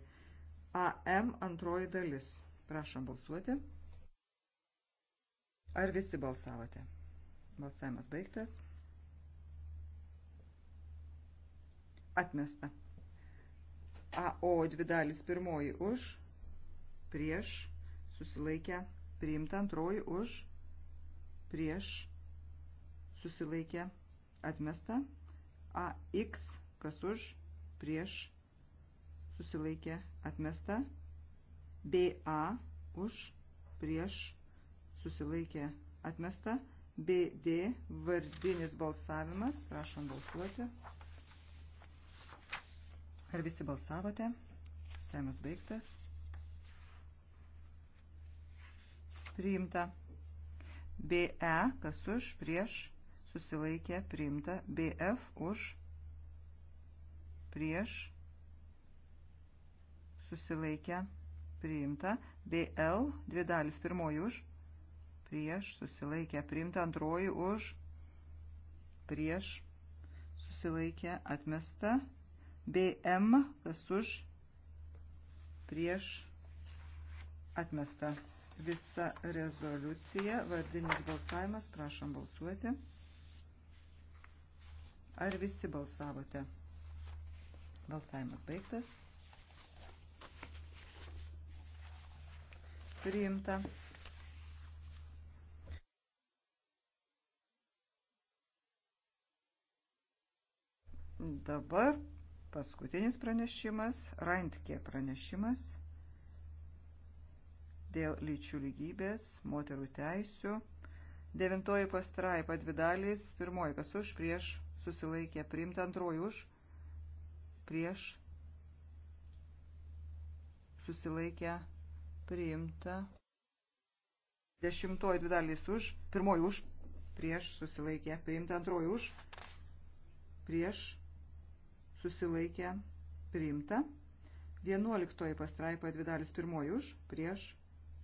AM antroji dalis prašom balsuoti ar visi balsavote balsavimas baigtas atmesta. AO dvi dalis pirmoji už, prieš, susilaikę, priimta antroji už, prieš, susilaikę, atmesta. AX kas už, prieš, susilaikę, atmesta. BA už, prieš, susilaikę, atmesta. BD vardinis balsavimas, prašom balsuoti. Ar visi balsavote? Semas baigtas. Priimta. BE, kas už, prieš, susilaikė, priimta. BF, už, prieš, susilaikė, priimta. BL, dvi dalis, pirmoji už, prieš, susilaikė, priimta. Antroji už, prieš, susilaikė, atmesta. Prieš BM, kas už, prieš, atmesta. Visa rezoliucija, vardinis balsavimas, prašom balsuoti. Ar visi balsavote? Balsavimas baigtas. Priimta. Dabar Paskutinis pranešimas, Rantke pranešimas dėl lyčių lygybės, moterų teisių. Devintoji pastraipa dvi dalys, pirmoji kas už, prieš, susilaikė, priimta, antroji už, prieš, susilaikė, priimta. Dešimtoji dvi dalys už, pirmoji už, prieš, susilaikė, priimta, antroji už, prieš, susilaikė susilaikė priimta. 11 pastraipa dvi dalis pirmoji už, prieš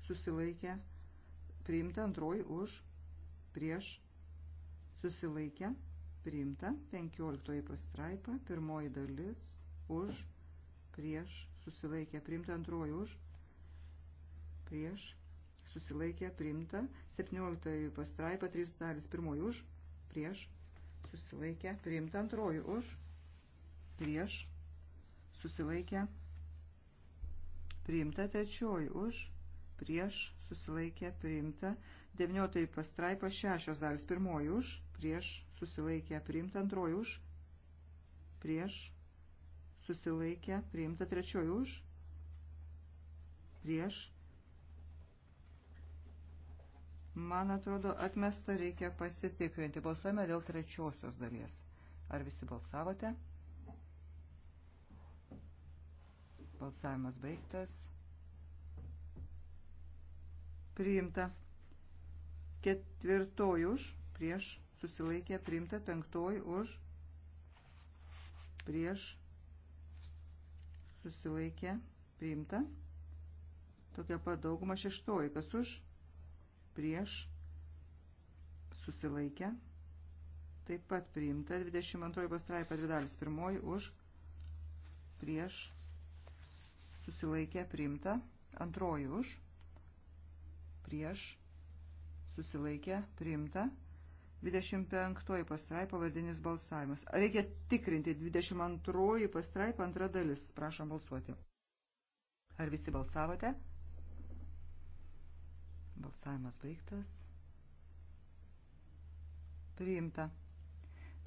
susilaikė priimta, antroji už, prieš susilaikė priimta. 15 pastraipa pirmoji dalis už, prieš susilaikė priimta, antroji už, prieš susilaikė priimta. 17 pastraipa 3 dalis pirmoji už, prieš susilaikė priimta, antroji už, prieš, susilaikę, priimta, trečioji už, prieš, susilaikę, priimta, devyniotai pastraipa šešios dalis, pirmoji už, prieš, susilaikę, priimta, antroji už, prieš, susilaikę, priimta, trečioji už, prieš, Man atrodo, atmesta reikia pasitikrinti. Balsuojame dėl trečiosios dalies. Ar visi balsavote? Balsavimas baigtas. Priimta. Ketvirtoji už, prieš, susilaikė, priimta. Penktoji už, prieš, susilaikė, priimta. Tokia pat dauguma šeštoji, kas už, prieš, susilaikė, taip pat priimta. 22 pastraipa dvidalis pirmoji už, prieš, susilaikė susilaikė priimta, antroji už, prieš, susilaikė priimta, 25 pastraipa vardinis balsavimas. Reikia tikrinti 22 pastraipa antra dalis. Prašom balsuoti. Ar visi balsavote? Balsavimas baigtas. Priimta.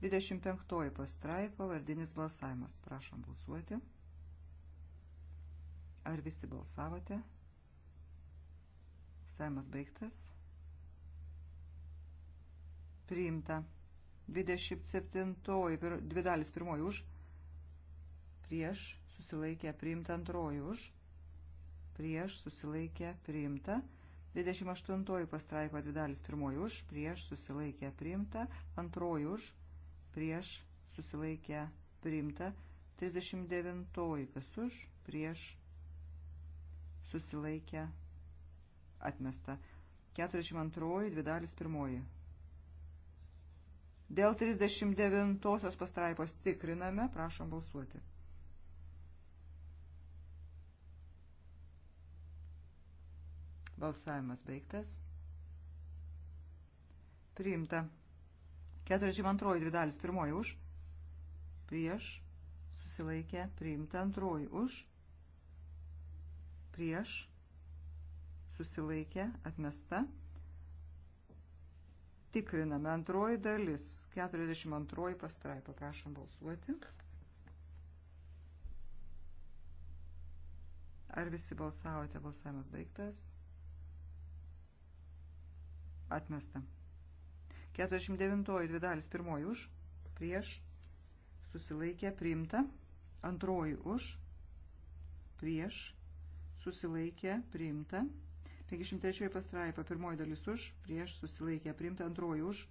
25 pastraipa vardinis balsavimas. Prašom balsuoti. Ar visi balsavote? Saimas baigtas. Priimta. 27. Dvi dalis pirmoji už. Prieš susilaikė priimta antroji už. Prieš susilaikė priimta. 28 pastraipa dvi dalis pirmoji už. Prieš susilaikė priimta. Antroji už. Prieš susilaikė priimta. 39 kas už. Prieš susilaikę, atmesta. 42, dvi dalis pirmoji. Dėl 39 pastraipos tikriname, prašom balsuoti. Balsavimas baigtas. Priimta. 42 dvi dalis pirmoji už. Prieš. Susilaikė. Priimta antroji už prieš, susilaikė, atmesta. Tikriname antroji dalis, 42 pastraipa, prašom balsuoti. Ar visi balsavote, balsavimas baigtas? Atmesta. 49 dvi dalis, pirmoji už, prieš, susilaikė, priimta, antroji už, prieš, susilaikė priimta. 53 pastraipa pirmoji dalis už, prieš susilaikė priimta, antroji už,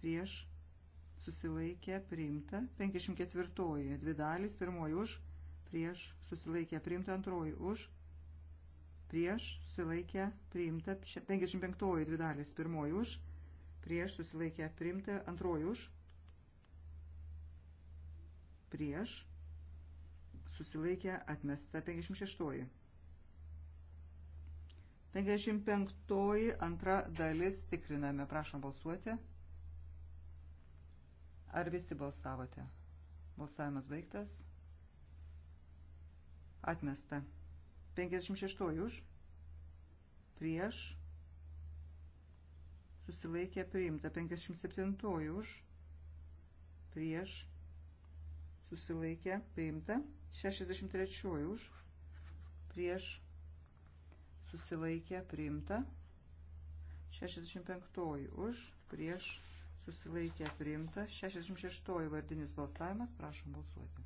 prieš susilaikė priimta. 54 dvi dalis, pirmoji už, prieš susilaikė priimta, antroji už, prieš susilaikė priimta. 55 dvi dalis, pirmoji už, prieš susilaikė priimta, antroji už, prieš susilaikė atmesta 56. 55 antra dalis tikriname. Prašom balsuoti. Ar visi balsavote? Balsavimas baigtas. Atmesta. 56 už. Prieš. Susilaikė priimta. 57 už. Prieš susilaikė priimta. 63 už prieš susilaikė priimta. 65 už prieš susilaikė priimta. 66 vardinis balsavimas. Prašom balsuoti.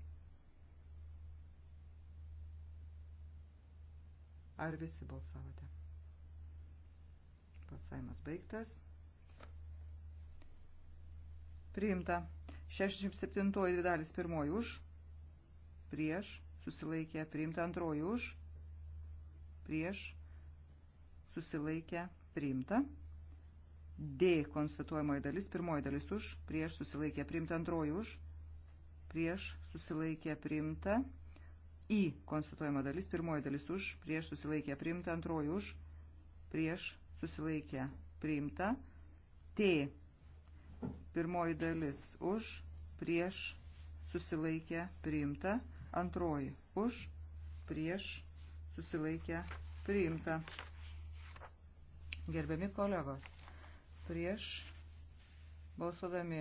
Ar visi balsavote? Balsavimas baigtas. Priimta. 67 dvi dalis pirmoji už, prieš, susilaikė, priimta antroji už, prieš, susilaikė, priimta. D konstatuojamoji dalis, pirmoji dalis už, prieš susilaikė priimta, antroji už, prieš susilaikė priimta. I konstatuojama dalis, pirmoji dalis už, prieš susilaikė priimta, antroji už, prieš susilaikė priimta. T Pirmoji dalis už, prieš, susilaikę, priimta. Antroji už, prieš, susilaikę, priimta. Gerbiami kolegos, prieš balsuodami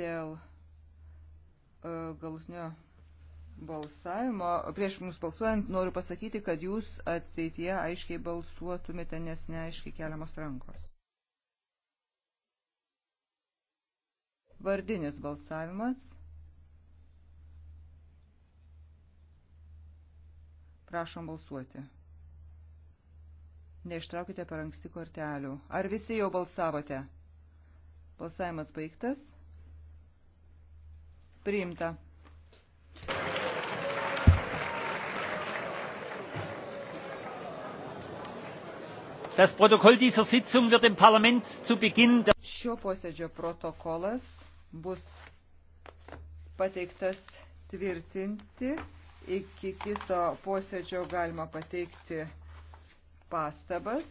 dėl e, galutinio balsavimo. Prieš mums balsuojant noriu pasakyti, kad jūs ateityje aiškiai balsuotumėte, nes neaiškiai keliamos rankos. Vardinis balsavimas. Prašom balsuoti. Neištraukite per anksti kortelių. Ar visi jau balsavote? Balsavimas baigtas. Priimta. Das Protokoll dieser Sitzung wird dem Parlament zu Beginn der Šio posėdžio protokolas bus pateiktas tvirtinti. Iki kito posėdžio galima pateikti pastabas.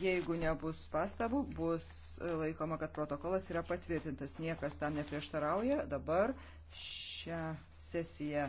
Jeigu nebus pastabų, bus laikoma, kad protokolas yra patvirtintas. Niekas tam neprieštarauja. Dabar šią sesiją.